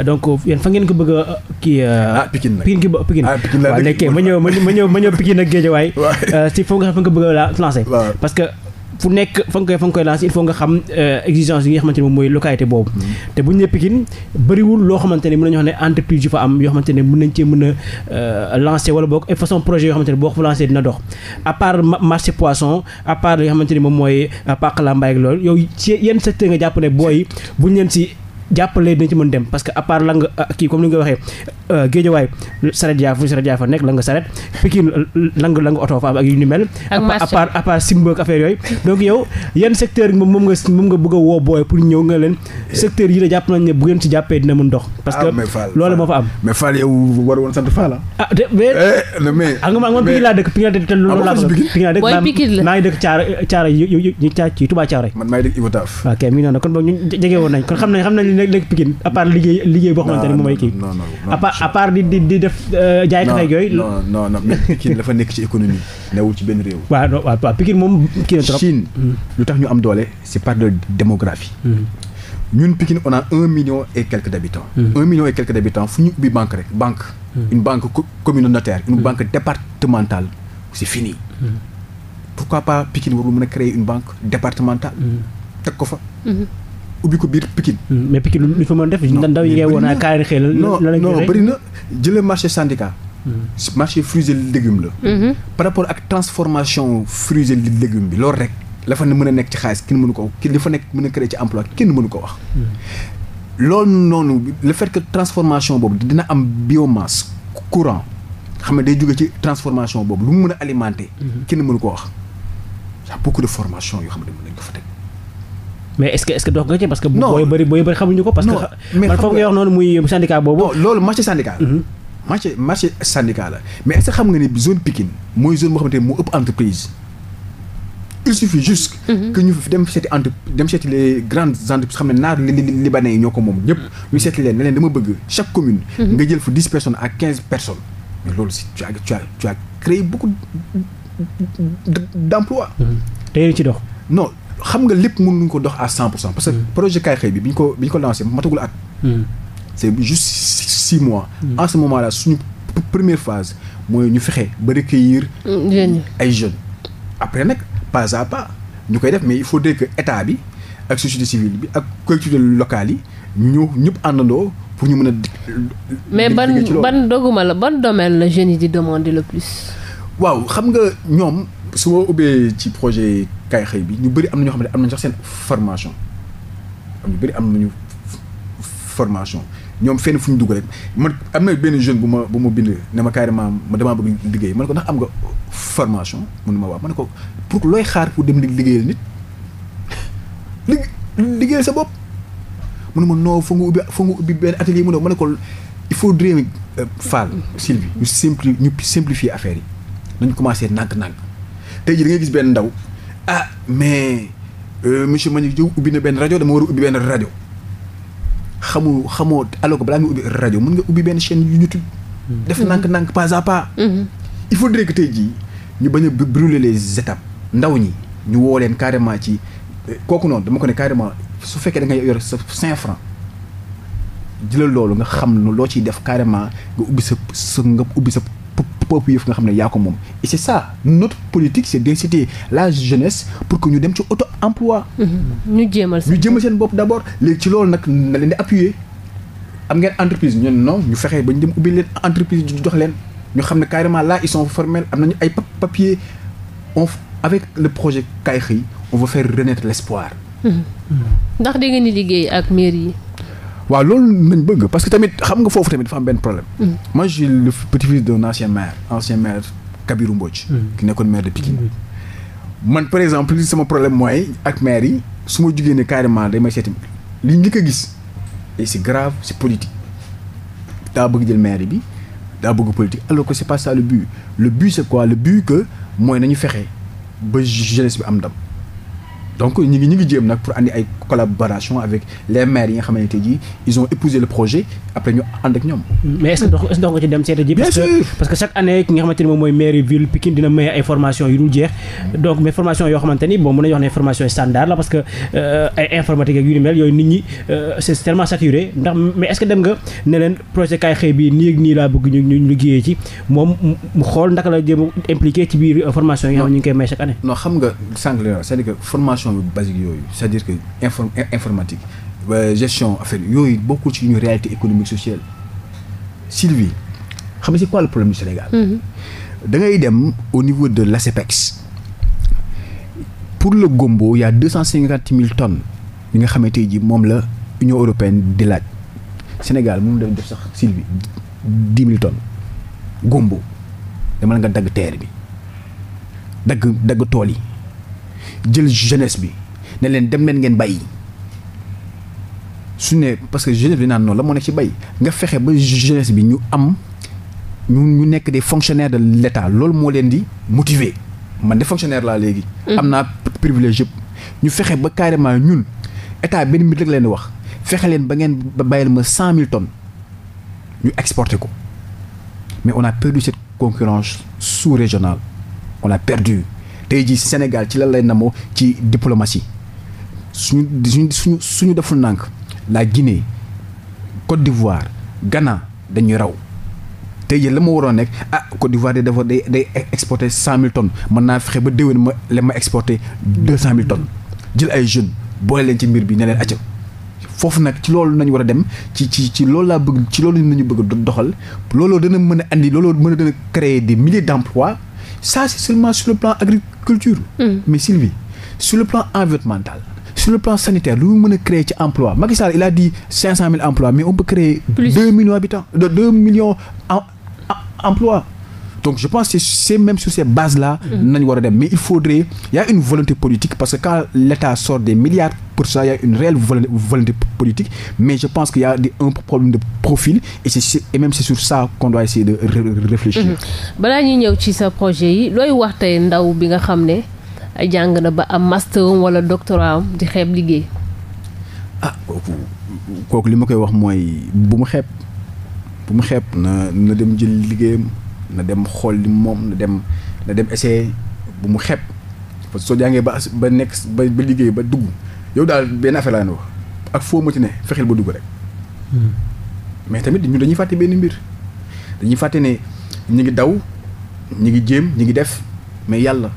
donc euh, yéen fa ngeen ko bëgg a euh, kii. ah Pikine nag Pikine gi ba Pikine. ah Pikine laa dëkk waaw léegi ma ñëw ma ñëw ma ñëw Pikine ak Guédiawaye. [laughs] waaw si foofu nga xam nga bëgg a la parce que. fu nekk fa nga koy fa nga koy lancer il faut nga xam euh, exigence yi xamante ne moom mooy localité boobu mm-hmm. te bu ñu nee Pikine loo xamante ne mën nañu wax ne entreprise yu fa am yoo xamante ne mën nañ cee mën a euh, lancer wala boog façon projet yoo xamante ne boo ko fa lancer dina dox à part marché poisson à part li nga xamante ne moom mooy euh, Pàcc Lambaye ak loolu yow ci yenn secteur nga jàpp ne booy buñ leen si jàppale dina ci mën dem parce que à part euh, kii comme ni nga waxee euh, géejawaay saret yaa fu saret yaa fa nekk la nga saret Pikine la oto fa am ak yu ni mel ak affaire yooyu da ah, ah. ah, eh, laa dëkk Pikine laa te loolu laa Pikine laa dëkk maa dëkk caara caara yi caara caara yi maa ngi dëkk Ivotaaf ok mi ngi kon boog ñu jege woon nañ kon xam nañ xam nañ nekk Pikine à part liggéey liggéey boo xamante ne moom mooy kii à part à part di di di def euh, jaay kafe yooyu non non non mais Pikine dafa nekk ci économie newul ci benn réew [laughs] waaw waaw waaw Pikine moom kii na trop Chine hmm. lu tax ñu am doole c'est par de démographie hmm. ñun Pikine on a un million et quelques d'habitants hmm. un million et quelques d'habitants fu ñu ubbi banque rek banque une banque communautaire une banque départementale c'est fini pourquoi pas Pikine warul mën a créer une banque départementale teg ko fa ubbi ko biir Pikine. Hmm, mais Pikine lu fa mën def. ndaw yi la non marché syndicat. Hmm. marché la. Mhm. par rapport ak transformation fruits et légumes bi loolu rek. la fa mën a nekk ci xaalis kenn mënu ko ki li fa nekk mën a créer ci emploi kenn mënu ko hmm. transformation boobu dina am biomasse courant xam ne day jóge ci transformation boobu lu mu mën a alimenter. kenn mënu ko wax y a beaucoup de formation yoo xam ne mën nañ ko fa teg. mais est-ce que est-ce que dox nga ci parce que. non booy bëri booy bëri xamuñu ko. parce que man mhm. mais est xam nga ni zone Pikine mooy zone boo xamante ne moo ëpp entreprise. il suffit juste. Mhm. que ñu dem seeti entre dem seeti les grandes entreprises xam ne naar li libanais yi ñoo ko moom ñëpp. ñu seeti leen ne leen dama bëgg chaque commune. Mhm. nga jël fa dix personnes à quinze personnes. mais loolu si tu as tu as tu as créé beaucoup te yéen ci dox. xam nga lépp mun mënuñ ko dox à cent parce que hmm. projet kaay xëy bi bi ñu ko bi ñu ko lancé matagul at hmm. c' est juste six mois hmm. en ce moment là suñu première phase mooy ñu fexe ba recueillir ay jeunes après nag pas à pas ñu koy def mais il faut dire que état bi ak société civile bi ak collectivité locale yi ñu ñëpp àndandoo pour ñu mën a mais ban ban doguma la ban domaine la jeunes yi di demander le plus waaw xam nga ñoom su ma ubbee ci projet kaay xëy bi ñu bëri am na ñoo xam ne am na sax seen formation am ñu bëri am nañu formation ñoom fenn fu ñu dugg rek man am na benn jeune bu ma bu ma bind ne ma carrément ma damaa bëgg liggéey man ko ndax am nga formation mun ma waaw ma ne ko pour looy xaar pour dem liggéeyal nit li liggéeyal sa bopp mun ma noo fa nga ubbi fa nga ubbi benn atelier mu ne ma ne ko il faudrait euh, Fall Sylvie ñu simpli ñu affaire yi nañ commencé nàkk nànk tey jii da ngay gis benn ndaw ah mais euh, monsieur Mbagnick Diop ubbi na benn rajo dama war a ubbi benn rajo xamu xamoo alors que balaa nga ubbi rajo mun nga ubbi benn chaîne YouTube. Mm-hmm. def nànk-nànk pas à pas. Mm-hmm. il faudrait que tey jii ñu bañ a brûler les étapes. ndaw ñi ñu woo leen carrément ci euh, kooku noonu dama ko ne carrément su fekkee da nga yor sa cinq francs jëlal loolu nga xam loo ciy def carrément nga ubbi sa sa nga ubbi sa pop yëf nga xam ne yaa ko moom et c'est ça notre politique c'est d'inciter la jeunesse pour que ñu dem ci auto emploi mhm. ñu jéemal seen bopp d'abord léegi ci loolu nag na leen di appuyer am ngeen entreprise ñun non ñu fexee ba ñu dem ubbi leen entreprise jox leen ñu xam ne carrément la ils sont formels am nañu ay papier on avec le projet Kaay Xëy on veut faire renaître l'espoir mhm. Mhm. ndax da ngeen di liggéey ak mairie yi waaw loolu nañ bëgg parce que tamit xam nga foofu tamit dafa am benn problème. Mm. moi j'ai le petit-fils d'un ancien maire ancien maire Kabirou Mbodj. ki mm. nekkoon maire de Pikine. Mm. man par exemple li sama problème mooy ak maire yi su ma jugee ne carrément day may seeti li njëkk a gis et c'est grave c'est politique daa bëgg jël maire bi daa bëgg politique alors que c'est pas ça le but le but c'est quoi le but que mooy nañu fexe ba jeunesse bi am ndam. donc ñu ngi ñu ngi jéem nag pour andi ay collaboration avec les maires yi nga xamante ji ils ont épousé le projet après ñu ànd ak ñoom. mais est ce que dox est ce que dox nga ci dem seeta ji. bien sûr parce que chaque année ki nga xamante ni moom mooy mairie ville Pikine dina maye ay formation yu dul jeex. donc mais formation ne formation standard euh, yooyu nit ñi euh, c' est projet kaay xëy bi nii ak nii laa bëgg ñu ñu moom mu xool ndaka la jéem a impliqué ci biir euh, formation yi nga xam ne ñu ngi xam nga sànq la c' est à dire que formation basique yooyu c' dire que informatique. gestion affaire yooyu bokkul ci ñu réalité économique sociale Sylvie xam si c'est quoi le problème du Sénégal mhm. da ngay dem au niveau de l'ASEPEX pour le gombo y a deux cent cinquante mille tonnes yi nga xamante ji moom la Union européenne di laaj Sénégal moom def def sax Sylvie dix mille tonnes gombo dama nga dagg terre bi dagg dagg tool yi jël jeunesse bi ne leen dem leen ngeen bàyyi su ne parce que jeunesse bi naan noonu la moo nekk ci bay nga fexe ba jeunesse bi ñu am ñu ñu nekk des fonctionnaires de l'État loolu moo leen di motiver man de fonctionnaire laa léegi. Mm-hmm. am naa privilège yëpp. ñu fexe ba carrément ñun état benn mbir rek leen di wax fexe leen ba ngeen ba bàyyil ma cent mille ñu exporté ko mais on a perdu cette concurrence sous-régionale on a perdu tey jii Sénégal ci lan lay namoo ci diplomatie suñu suñu suñu deful nànk. laa Guinée Côte d'Ivoire Ghana dañuy raw tey jii la ma waroo nekk ah Côte d'Ivoire de dafa day day exporté cent mille tonnes mën naa fexe ba déwén ma la ma exporté deux cent mille jël ay jeunes boole leen ci mbir bi ne leen acca foofu nag ci loolu nañu war a dem ci ci ci loolu laa bëgg ci loolu nañu bëgg doxal looloo dana mën a indi looloo mën a dana créer di milliers d'emplois ça c'est seulement sur le plan agriculture. Hmm. mais Sylvie sur le plan environnemental. sur le plan sanitaire lu mu mën a créer ci emploi Macky Sall il a dit cinq cent mille emplois mais on peut créer deux millions habitants deux millions emplois donc je pense que c'est même sur ces bases là mm-hmm. nañ war a dem mais il faudrait il une volonté politique parce que quand l'État sort des milliards pour ça il y a une réelle volonté politique mais je pense qu'il y a un problème de profil et c'est c'est qu'on doit essayer de réfléchir mm-hmm. balaa ñuy ñëw ci sa projet yi looy wax tey bi nga xam ne jàng na ba am master wala doctorat di xeeb liggéey. a ah, kooku kooku li ma koy wax mooy bu mu xepp bu mu xeeb na na dem jël liggéeyam na dem xool li moom na dem na dem bu mu xepp parce que soo jàngee ba ba nekk ba ba liggéey ba dugg yow daal benn affaire laa ak foo mënti ne fexeel ba dugg rek. Hmm. mais tamit ñu dañuy fàtte benn mbir dañuy fàtte ne ñu ngi daw ñu ngi jéem ñu ngi def mais yàlla.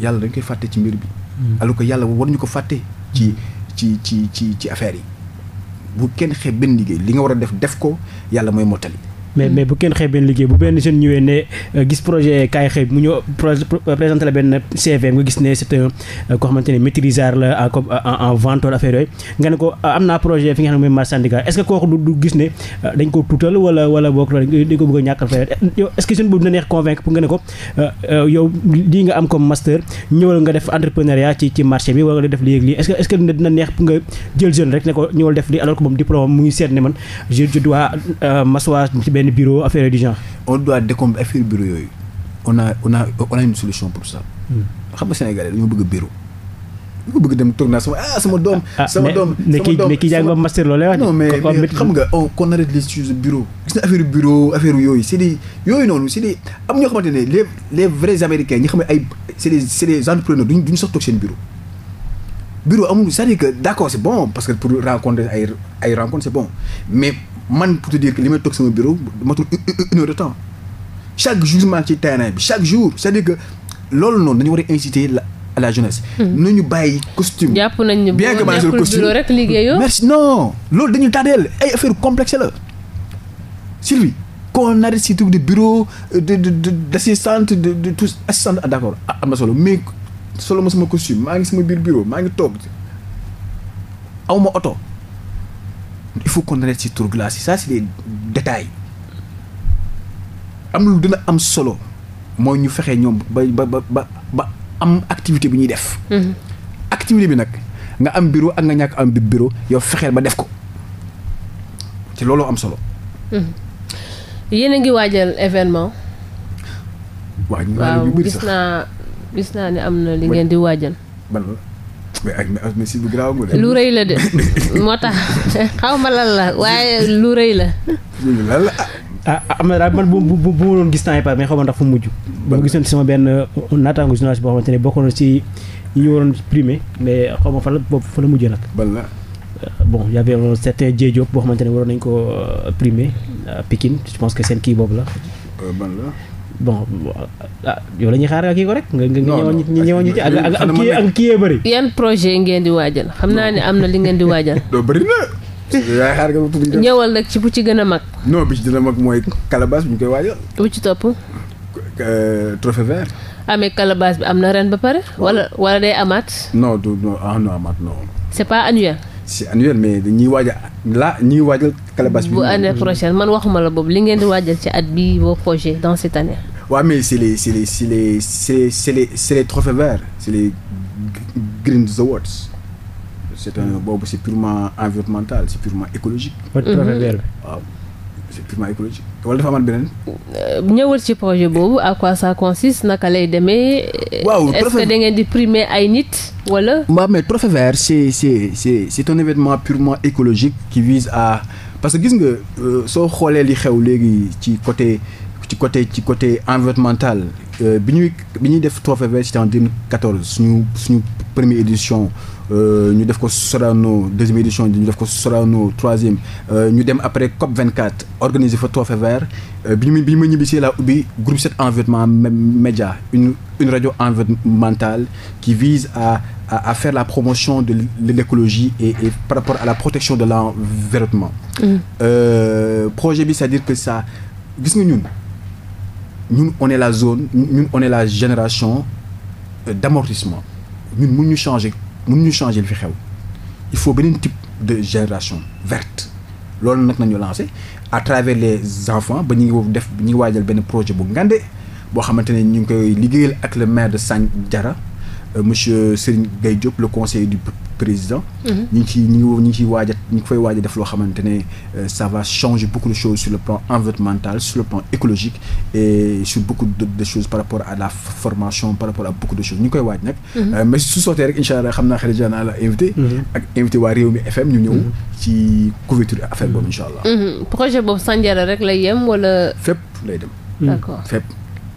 yàlla dañ koy fàtte ci mbir bi. Hmm. alors ko yàlla war ñu ko fàtte. ci ci ci ci ci affaire yi. bu kenn xeeb benn liggéey li nga war a def def ko yàlla mooy mottali. mais mais bu kenn xeeb benn liggéey bu benn jeune ñëwee ne euh, gis projet kaay xëy mu ñëw présenté la benn CV ne c'est euh, koo xamante ne maîtrisard la en vente wala nga ne ko euh, naa projet fi nga xam ne mooy marché syndicat est-ce que kooku du gis ko tuutal wala wala boog dañ nga ne ko yow lii nga am comme ci ci marché bi wala nga def lii ak lii est-ce que est-ce que dina mu ngi seet ne man je dois m'asseoir ci benn bureau affaire du genre. on doit décombrer affaire bureau yooyu on a on a on a une solution pour ça. Hmm. xam nga Sénégalais dañoo bëgg bureau. ñu ko bëgg dem toog naa sama ah sama doom. Ah, ah, sama doom sama doom mais kii jàng master loolu lay wax. non mais xam nga oh, on arrête yooyu c'est des yooyu noonu c'est des xamante ne les les vrais américains ñi xam ne ay c'est des c'est des entrepreneurs duñ duñ sax toog seen bureau. bon parce que pour rencontrer ay ay mais. man pour te dire que li may toog sama bureau matul une heure de temps chaque jour maa ngi ci terrain bi chaque jour c'est-à-dire que loolu noonu dañu war a inciter la à la jeunesse. Hmm. nañu bàyyi costume. jàpp nañu bien que maa ngi costume rek liggéeyoo. merci non loolu dañu tardeel ay affaire complexe la Sylvie. qu'on arrête de bureau euh, de de d'assistante de de tout assistante ah d'accord ah, am na solo mais solo ma sama costume maa ngi sama biir bureau maa ngi toog awma oto. il faut qu'on arrête ci tour glace yi ça c'est des détails am lu dina am solo mooy ñu fexe ñoom ba ba ba ba am activité bi ñuy def. Mhm. activité bi nag nga am bureau ak nga ñàkk am bi bureau yow fexee ba def ko ci looloo am solo. Mhm. yéen a ngi waajal événement. waaw gis naa gis naa ne am na li ngeen di waajal. mais ak mais si bu garaaw nga de. lu rëy la de moo tax xaw ma lan la waaye lu rëy la. lan la ah. ah am na ah, daal man bu bu bu ma doon gis temps yii mais xaw ma ndax fu mu mujj. ba ma gisoon ci sama benn euh, naataango journaliste boo xamante ne bokkoon na ci ñi ñu waroon primé mais xaw ma fa la boobu fa la mujjee nag. ban la. Euh, bon y' avait un certain Dieng boo xamante ne waroon nañu ko euh, primé Pikine je pense que seen kii boobu la. ban la. bon ah yow la ñuy xaar kii ko rek. nga nga ñëwoon ñu ñëwoon ñu ci ak ak ak kii ak kii yee yan projet ngeen di waajal xam naa ni am na li ngeen di waajal. doo [laughs] bëri na. yaay xaar ñëwal nag ci bu ci gën a mag. non bi ci gën a mag mooy calebasse bi ñu koy waajal. bu ci topp. Euh, trophée vert. amee ah, calebasse bi am na ren ba pare. wala wala day amaat. non du non ah non amaat non. c'est pas annuel. c'est annuel mais dañuy waaj la ñuy waajal calebasse bi. bu année prochaine man waxuma la boobu li ngeen di waajal ci at bi boo projet dans cette année. waaw mais c'est les c'est les c'est les c'est les c'est les trophées verts c'est les Green c'est un boobu c'est purement environnemental c'est purement écologique. Mhm. waaw. effectivement écologique wala dafa amaat beneen. Euh, ñëwal ci projet boobu à quoi ça consiste naka lay demee. waaw est-ce ngeen di primer ay nit wala. waaw mais trophée vert c'est c'est c'est c'est un événement purement écologique qui vise à parce que gis nga euh, soo xoolee li xew léegi ci côté ci côté ci côté environnemental euh, bi ñuy bi ñuy def trophée vert c'était en 2014 suñu suñu première édition. Euh, ñu def ko Sorano deuxième édition ñu def ko Sorano troisième euh, ñu dem après COP 24 organiser fa trophée vert euh, bi ñu bi ma ñibbisee laa ubbi groupe 7 environnement média une une radio environnementale qui vise à à, faire la promotion de l'écologie et, et par rapport à la protection de l'environnement mm. euh, projet bi c'est-à-dire que ça gis nga ñun ñun on est la zone ñun on est la génération d'amortissement ñun mun ñu changer mënuñu changer li fi xew il faut beneen type de génération verte loolu nag nañu lancé à travers les enfants ba ñu ngi def ñu ngi waajal benn projet bu ngande boo xamante ne ñu ngi koy liggéeyal ak le maire de Sandiara Euh, monsieur Serigne Gueye Diop le conseiller du président. Mhm. ñu ngi ciy ñu ngi ciy waaj a ñu ngi fay waaj def loo xamante ne euh, ça va changer beaucoup de choses sur le plan environnemental sur le plan écologique et sur beaucoup de choses par rapport à la formation par rapport à beaucoup de choses ñu koy waaj nag. Mhm. Euh, mais su sottee rek incha allah xam naa xarit naa la invité. Mhm. ak invité waa Rewmi FM ñu ñëw. ci couverture affaire boobu incha allah. projet boobu Sandiara rek lay yem wala. fépp lay dem.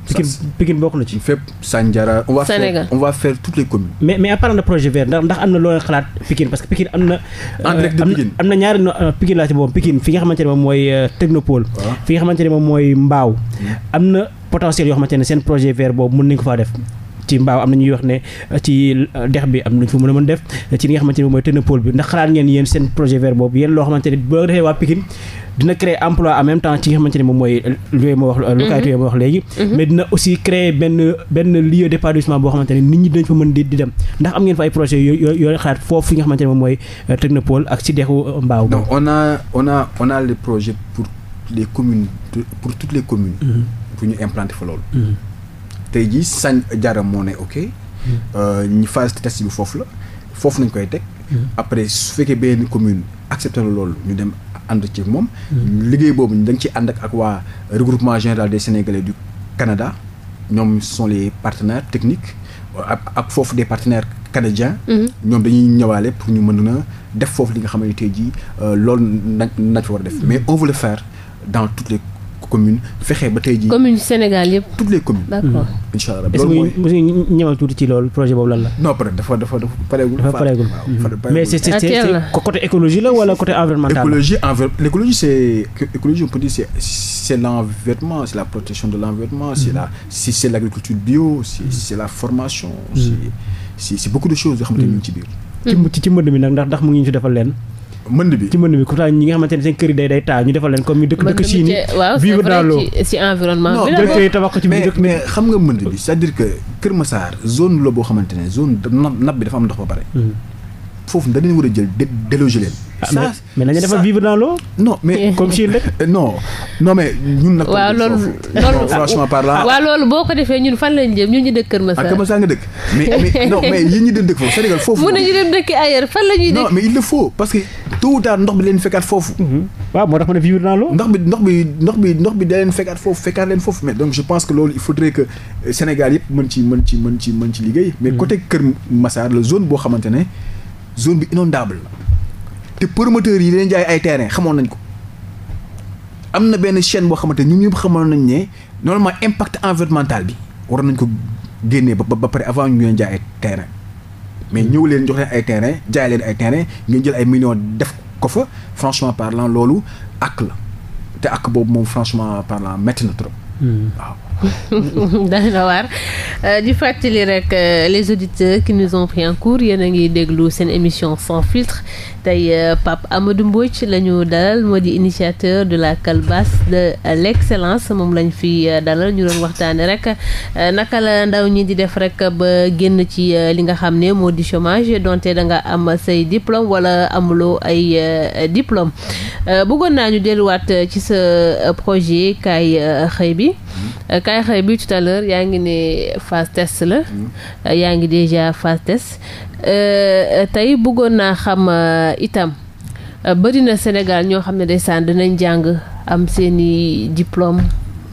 Pikine Pikine bokk na ci. fépp Sandiara. on va faire toutes les communes. mais mais en projet vert ndax am na looy xalaat Pikine parce que Pikine am na. en euh, direct de Pikine am na ñaari euh, Pikine laa ci boobu Pikine fi nga xamante ne moom mooy euh, technopole. fi nga xamante ne moom mooy Mbaaw. Hmm. am na potentiel yoo xamante ne seen projet vert boobu mën nañu ko faa def. ci mbaaw am na ñuy wax ne ci dex bi am nañ fa mën a mën def ci li nga xamante ne mooy technopole bi ndax xalaat ngeen yéen seen dina créer emploi en même temps ci nga xamante ne moom mooy lu yooyu ma wax mhm. localité yooyu ma wax léegi mhm. mais dina aussi créer benn benn lieu d'épanouissement boo xamante ne nit ñi dinañ fa mën di di dem ndax am ngeen fa ay projet yoo yoo yoo xalaat foofu nga xamante ne moom mooy euh, technopole ak si deexu euh, mbaaw donc on a a on a les pour les communes pour toutes les communes mhm. pour ñu implanter fa loolu tey jii sañ jaara moo ne ok ñu euh, phase test bi foofu la foofu nañ koy teg après su fekkee benn commune accepté loolu ñu dem ànd ci moom. Mm-hmm. liggéey boobu dañ ci ànd ak waa regroupement général des sénégalais du Canada ñoom sont les partenaires techniques ak foofu des partenaires canadiens. Mm-hmm. ñoom dañuy ñëwaale pour ñu mën na def foofu li nga xamante ne jii euh, loolu nag nañ fa war a def mm-hmm. mais on veut dans toutes les commune fexe ba tey jii. commune Sénégal yëpp. toutes les communes. d'accord mm-hmm. incha allah loolu mooy tuuti ci loolu projet boobu lan la. non peut-être dafa dafa dafa pareegul. dafa mm-hmm. mais c'est c'est ah, côté écologie la wala côté environnemental. écologie enver l'écologie c'est écologie c'est c'est l'environnement c'est la protection de l'environnement. c'est la c'est mm-hmm. c'est l'agriculture bio c'est la formation. c'est c'est beaucoup de choses yoo xamante ni ñu ci biir. ci ci mbënd mi nag ndax mu ngi ñu ci defal leen. mënd bi ci mën bi pourtant ñi nga xamante ne seen kër yi day day taa ñu defal leen comme ñu dëkk dëkk Chine vivre dans l'eau ci environnement bi la ko mais xam nga mënd bi c'est-à-dire que Kër Massar zone la boo xamante ne zone nappe bi dafa am ndox ba pare hmm. foofu dañ leen war a jël déloger leen Ah, ça mais nañu defal vivre dans l'eau non mais eh. comme Chine rek eh, non non mais ñun nag waaw loolu loolu franchement parlant waaw loolu boo ko defee ñun fan lañ jëm ñun ñu dëkk Kër Massar ah, Kër Massar nga dëkk mais [laughs] mais non mais yéen ñi dem dëkk foofu Sénégal foofu mën nañu dëkk ailleurs fan la ñuy dëkk non mais il le faut parce que tout ou tard ndox bi leen fekkaat foofu mhm. waaw moo tax ma ne vivre dans l'eau ndox bi ndox bi ndox bi ndox bi da leen fekkaat foofu fekkaat leen foofu mais donc je pense que loolu il faudrait que euh, Sénégal yëpp mën ci mën ci mën ci mën ci liggéey mais mhm. côté Kër Massar la boo xamante ne zone bi inondable la te promoteurs yi leen jaay ay terrain xamoon nañ ko am na benn chaîne boo xamante ñun ñëpp xamoon nañ ne normalement impact environnemental bi waroon nañ ko génnee ba ba ba pare avant ñu leen jaay ay terrain mais ñëw leen jox leen ay terrain jaay leen ay terrain ngeen jël ay million def ko fa franchement parlant loolu ak la te ak boobu moom franchement parlant métti na trop hmm. waaw. [laughs] dañ la waar euh, di fàttali rek euh, les auditeurs qui nous ont pris en cours yéen a ngi déglu seen émission sans filtre tey euh, Pape Amadou Mbodj la ñu dalal moo di initiateur de la calebasse de l' moom lañ fi dalal ñu doon waxtaane rek naka la ndaw ñi di def rek ba génn ci li nga xam ne moo di chômage donte danga am say diplôme wala amuloo ay diplôme bëggoon naa ñu delluwaat ci sa projet kaay xëy bi kaay xëy bi tout yaa ngi ne phase la yaa ngi déjà phase test euh, euh, tey bëggoon naa xam euh, itam bëri na Sénégal ñoo xam ne ndeysaan dinañ jàng am seeni diplôme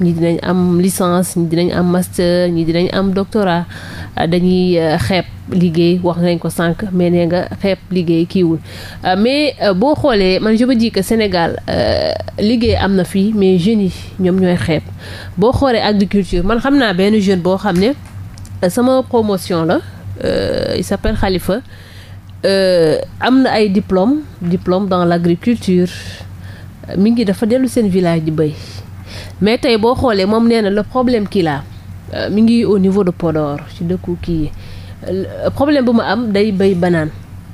ñi dinañ am licence ñi dinañ am master ñi dinañ am doctorat euh, dañuy euh, xeeb liggéey wax nañ ko sànq mais nee nga xeeb liggéey kiiwul euh, mais boo xoolee man je me dis que Sénégal liggéey am na fii mais jeunes yi ñoom ñooy xeeb boo xoolee agriculture man xam naa benn jeune boo xam ne sama promotion la il s'appelle Khalifa am na ay diplôme diplôme dans l'agriculture mu ngi dafa dellu seen village di béy mais tey boo xoolee moom nee na la problème kii laa euh, mi ngi au niveau de Podor ci dëkku kii euh, problème bu ma am day bay banaan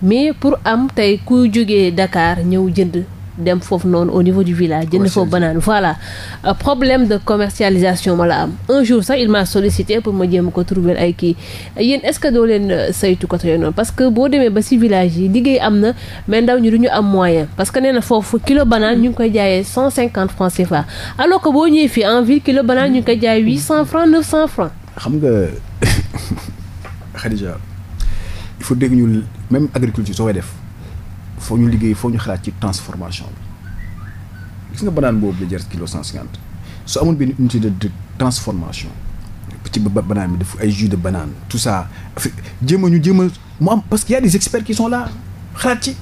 mais pour am tey ku jógee dakaar ñëw jënd dem foofu noonu au niveau du village jënd foofu banaan voilà euh, problème de commercialisation ma la am un jour sax il m'a sollicité pour ma jéem ko trouver ay kii yéen est-ce que doo leen euh, saytu côté yooyu noonu parce que boo demee ba ci village yi liggéey am na mais ndaw ñi du ñu am moyen parce que nee na foofu kilo banaan ñu ngi koy jaaye cent cinquante francs boo ñëwee fii en ville kilo banaan ñu ngi koy jaayee huit cent francs neuf cent francs xam nga [laughs] Khadija il faut dégg ñu même agriculture soo koy def foo ñu liggéey foo ñu xalaat ci transformation bi gis nga banaan boobu la jar kilo cent cinquante su amul benn unité de transformation ci ba ba banaan bi def ay jus de banane tout ça jéem a ñu jéem a mu am parce que a des experts qui sont là xalaat ci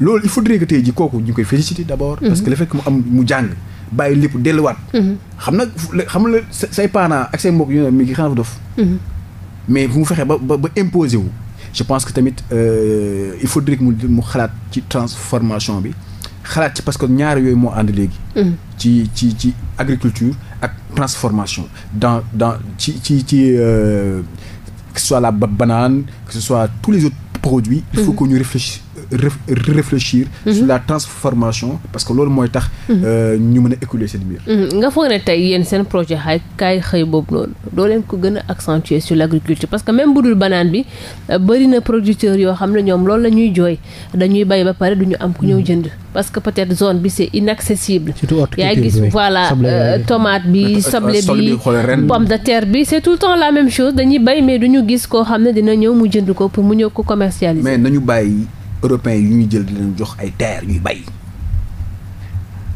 loolu il faudrait que tey ji kooku ñu koy féliciter d'abord. Mhm. parce que le fait mu am mu jàng bàyyi lépp delluwaat. Mhm. xam nag xam la say parents ak say mbokk yu ne mi ngi xanaa def mhm. mais bu mu fexee ba ba imposer wu. je pense que tamit euh, il faudrait que mu mu xalaat ci transformation bi xalaat ci parce que ñaar yooyu moo ànd léegi. Mm-hmm. ci ci ci agriculture ak transformation dans dans ci ci ci euh, que ce la banane que ce tous les autres produits. il faut mm-hmm. que ñu réfléchir. réfléchir mhm. sur la transformation parce que loolu mooy tax mhm. euh, ñu mën a écouler seen biir mhm. nga foog ne tey yéen seen projet xay kaay xëy boobu noonu doo leen ko gën a accentuer sur la agriculture parce que même bu dul banaan bi euh, bëri na producteurs yoo xam ne ñoom loolu la ñuy jooy dañuy bay ba pare du ñu am ku ñëw jënd parce que peut-être zone bi c' est inaccessible yaa gis voilà euh, tomate bi soble bi pomme de terre bi c' est tout le temps la même chose dañuy bay mais du ñu gis koo xam ne dina ñëw mu jënd ko pour mu ñëw ko commercialiser mais nañu bàyyi européens yu ñu jël di leen jox ay terres ñuy bay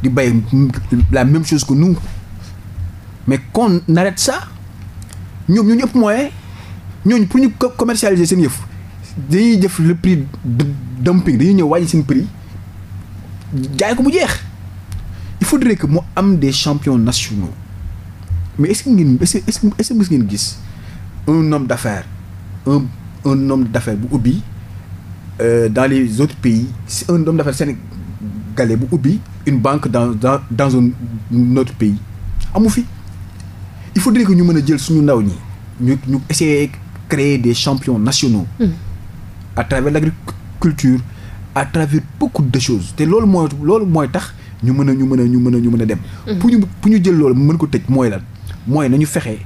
di bay la même chose ko nous mais qu'on arrête ça ñoom ñoo ñu ëpp moyen ñooñu pour ñu commercialiser seen yëf dañuy jëf le prix dumping dañu ñëw wàññi seen prix jaay ko mu jeex il faudrait que mu am des champion nationaux mais is ce que ngeen est-ce que est que ngeen gis un homme d'affaires un un homme d'affaires bu ubbi. euh, dans les autres pays si un homme d'affaires sénégalais bu ubbi une banque dans dans dans un autre pays amu fi il faudrait que ñu mën a jël suñu ndaw ñi ñu ñu essayer créer des champions nationaux mm. à travers l'agriculture à travers beaucoup de choses te loolu mooy loolu mooy tax ñu mën a ñu mën a ñu mën a ñu mën a dem mm. pour ñu ñu jël loolu mën ko tëj mooy lan mooy nañu fexe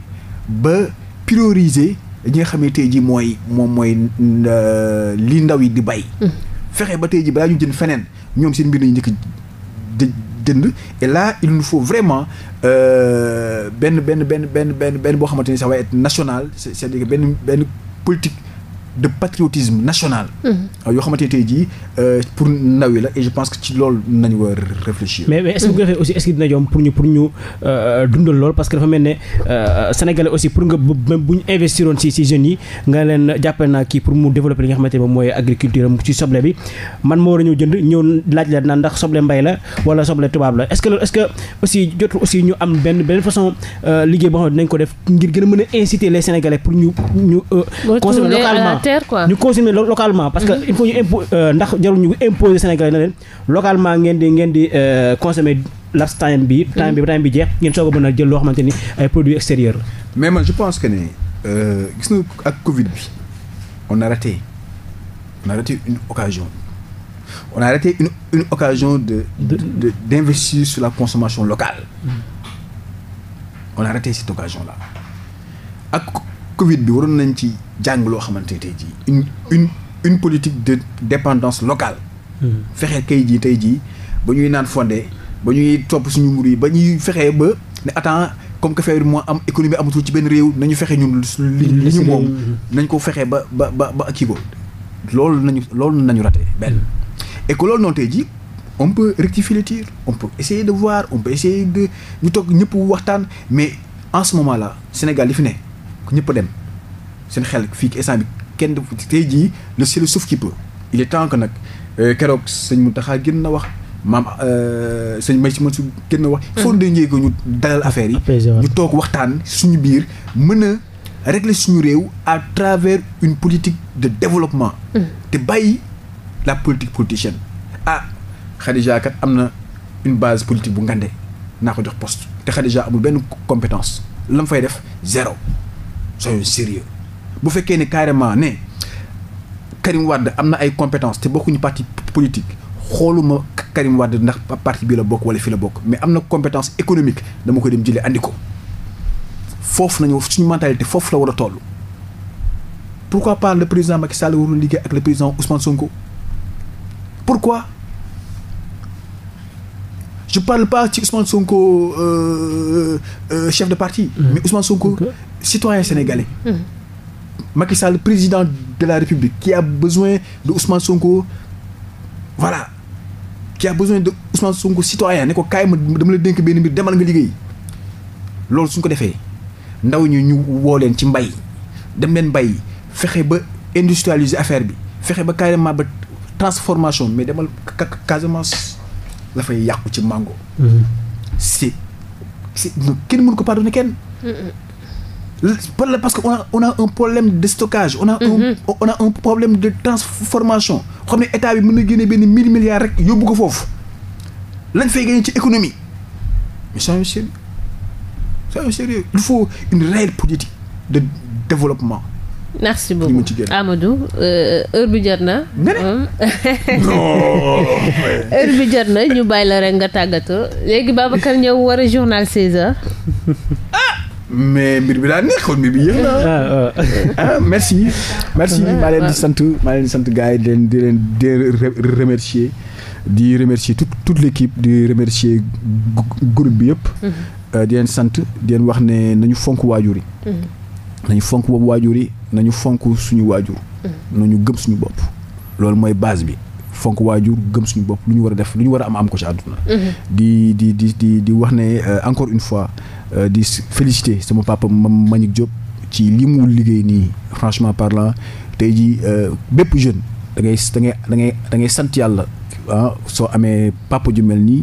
ba prioriser li nga xamee tey ji mooy moom mooy euh, li ndaw yi di bay hmm. fexe ba tey ji balaa ñu jënd feneen ñoom seen mbir nañu njëkk jënd et là il nous faut vraiment euh, benn benn benn benn benn benn boo xamante ni ça va être national c'est-à-dire benn benn politique de patriotisme national. Mhm. yoo xamante tey jii euh, pour ndaw yi la et je pense que ci lool nañu war a réfléchir. mais mais est ce que bu aussi est ce que dina jom pour pour ñu euh, dundal lool parce que dafa mel ne euh, sénégalais aussi pour nga même bu ñu investiroon si si jeunes yi nga leen jàppale mu développer li ci soble bi man moo war a ñëw jënd ñëw laaj la naan ndax soble mbay la wala soble tubaab la est ce que loolu est ce que aussi jotul aussi ñu am benn benn façon liggéey boo xam ne ko def ngir gën a mën a inciter les sénégalais pour ñu ñu consommer localement alimentaire quoi. ñu consommer localement parce que mm-hmm. il faut ñu impo euh, ndax jarul ñu imposer Sénégalais na leen localement ngeen di ngeen di euh, consommer laps time bi. time bi mm-hmm. time bi jeex ngeen soog a mën a jël loo xamante ni ay produits extérieurs la. mais man je pense que ne euh, gis nga ak Covid bi on a raté on a raté une occasion. on a une occasion de de, de d'investir sur la consommation locale. Mm-hmm. on a raté cette occasion là Covid bi waroon nañ ci jàng loo xamante tey jii une une une politique de dépendance locale. Hmm. fexe kay jii tey jii ba ñuy naan fondé ba ñuy topp suñu mbir yi ba ñuy fexe ba ne attends comme que feebar moo am économie amatul ci benn réew nañu fexe ñun li ñu moom hmm. nañ ko fexe ba ba ba ba lool ko loolu nañu loolu nañu raté benn hmm. et que noonu tey jii on peut rectifier le tir de voir on peut de ñu toog ñëpp waxtaan mais en ce moment Sénégal li fi ne bokk ñëpp dem seen xel fii instant bi kenn du tey jii le c'est le souffle qui peut il est temps que nag euh, keroog sëñ Mountakha génn na wax maam euh, sëñ May si man su gën na wax. foog de njëkk ñu dalal affaire yi. ñu toog waxtaan suñu biir mën a réglé suñu réew à travers une politique de développement. Mm. te bàyyi la politique politicienne. ah Khadija kat am na une base politique bu ngande naa ko jox post te Khadija amul benn compétence la mu fay def zéro. soyons sérieux bu fekkee ne carrément ne Karim am na ay compétences te bokkuñu parti politique xooluma Karim Wade ndax parti bi la bokk wala fi la bokk mais am na compétence économique dama ko dem jëlee andi ko foofu nañu suñu mentalité foofu la war a toll. pourquoi pas le président Macky Sall warul liggéey ak le président Ousmane Sonko pourquoi je parle pas ci Ousmane Sonko euh, euh, chef de parti. Mmh. mais Ousmane Sonko. citoyen sénégalais. Hmm. Macky Sall président de la République qui a besoin de Ousmane Sonko voilà qui a besoin de Ousmane Sonko citoyen ne ko kaay ma dama la dénk benn mbir demal nga liggéey loolu suñ ko defee ndaw ñi ñu woo leen ci mbay dem leen mbay fexe ba industrialiser affaire bi fexe ba carrément ba transformation mais demal Casamance la fay yàqu ci màngo hmm. c'est c'est kenn mënu ko pardonner kenn. Hmm, parce que on a on a un problème de stockage on a un mhm. on a un problème de transformation xam ne état bi mën na génne benn mille milliards rek yóbbu ko foofu lañ fay gagné ci économie mais il faut une réelle politique de développement merci beaucoup Amadou euh, heure bi jot na. [laughs] [laughs] heure bi jot na ñu bàyyi la rek nga tàggatoo léegi Babacar ñëw war a journal 16 mais mbir bi daa neex kon mbir bi yéex na ah, ah. Ah, ah merci merci maa leen di sant maa leen di sant gars yi di leen di leen di remercier di remercier toute toute l'équipe di remercier groupe bi yëpp mhm. euh, di leen sant di leen wax ne nañu fonk waajur yi mhm. nañu fonk boobu waajur yi nañu fonk suñu waajur mhm. nañu gëm suñu bopp loolu mooy base bi fonk waajur gëm suñu bopp lu ñu war a def lu ñu war a am am ko ci àdduna di di di di di wax ne euh, encore une fois euh, di féliciter sama ma Manick Diop ci li mu liggéey nii franchement parlant tey jii euh, bépp jeune da ngay da da ngay da ngay sant yàlla ah, soo amee papa ju mel nii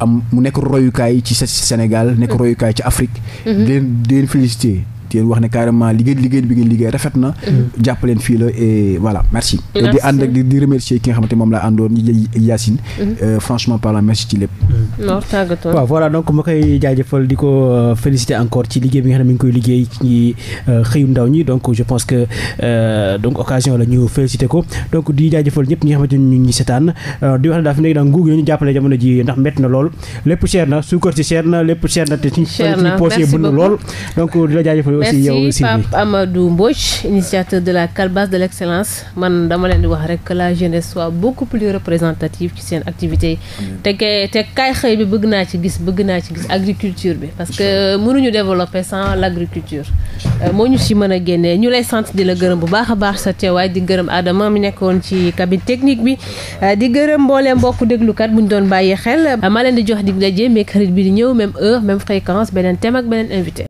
am mu nekk royukaay ci Sénégal nekk mm-hmm. royukaay ci Afrique mm-hmm. di leen leen féliciter di leen wax ne carrément liggéey liggéey bi ngeen liggéey rafet na mm-hmm. la et voilà merci euh, di ànd ak di remercier ki nga xamante moom laa àndoon Yacine mm-hmm. euh, franchement mm-hmm. waaw voilà donc ma koy jaajëfal di ko euh, féliciter encore ci liggéey bi nga xam ne mi ngi koy liggéey ci xëyu ndaw ñi donc je pense que donc occasion la ñu féliciter ko donc di jaajëfal ñëpp ñi nga xamante ñu ngi seetaan di wax ne daa fi nekk daal nguur gi ñu jàppale jamono ji ndax métti na lool lépp cher na suukar si cher na lépp cher na te suñu poche yi bënn lool donc di la jaajëfal aussi yow aussi merci Pape Amadou Mbodj initiateur de la calebasse de l' excellence man dama leen di wax rek que la jeunesse soit beaucoup plus représentative ci seen activité te kay te kaay xëy bi bëgg naa ci gis bëgg naa ci gis agriculture bi parce que mënuñu développer sans l' agriculture euh, moo ñu si mën a génnee ñu lay sant di la gërëm bu baax a baax sa teewaay di gërëm Adama mi nekkoon ci cabine technique bi euh, di gërëm mbooleem mbokk déglukat bu ñu doon bàyyi xel euh, ma leen di jox dig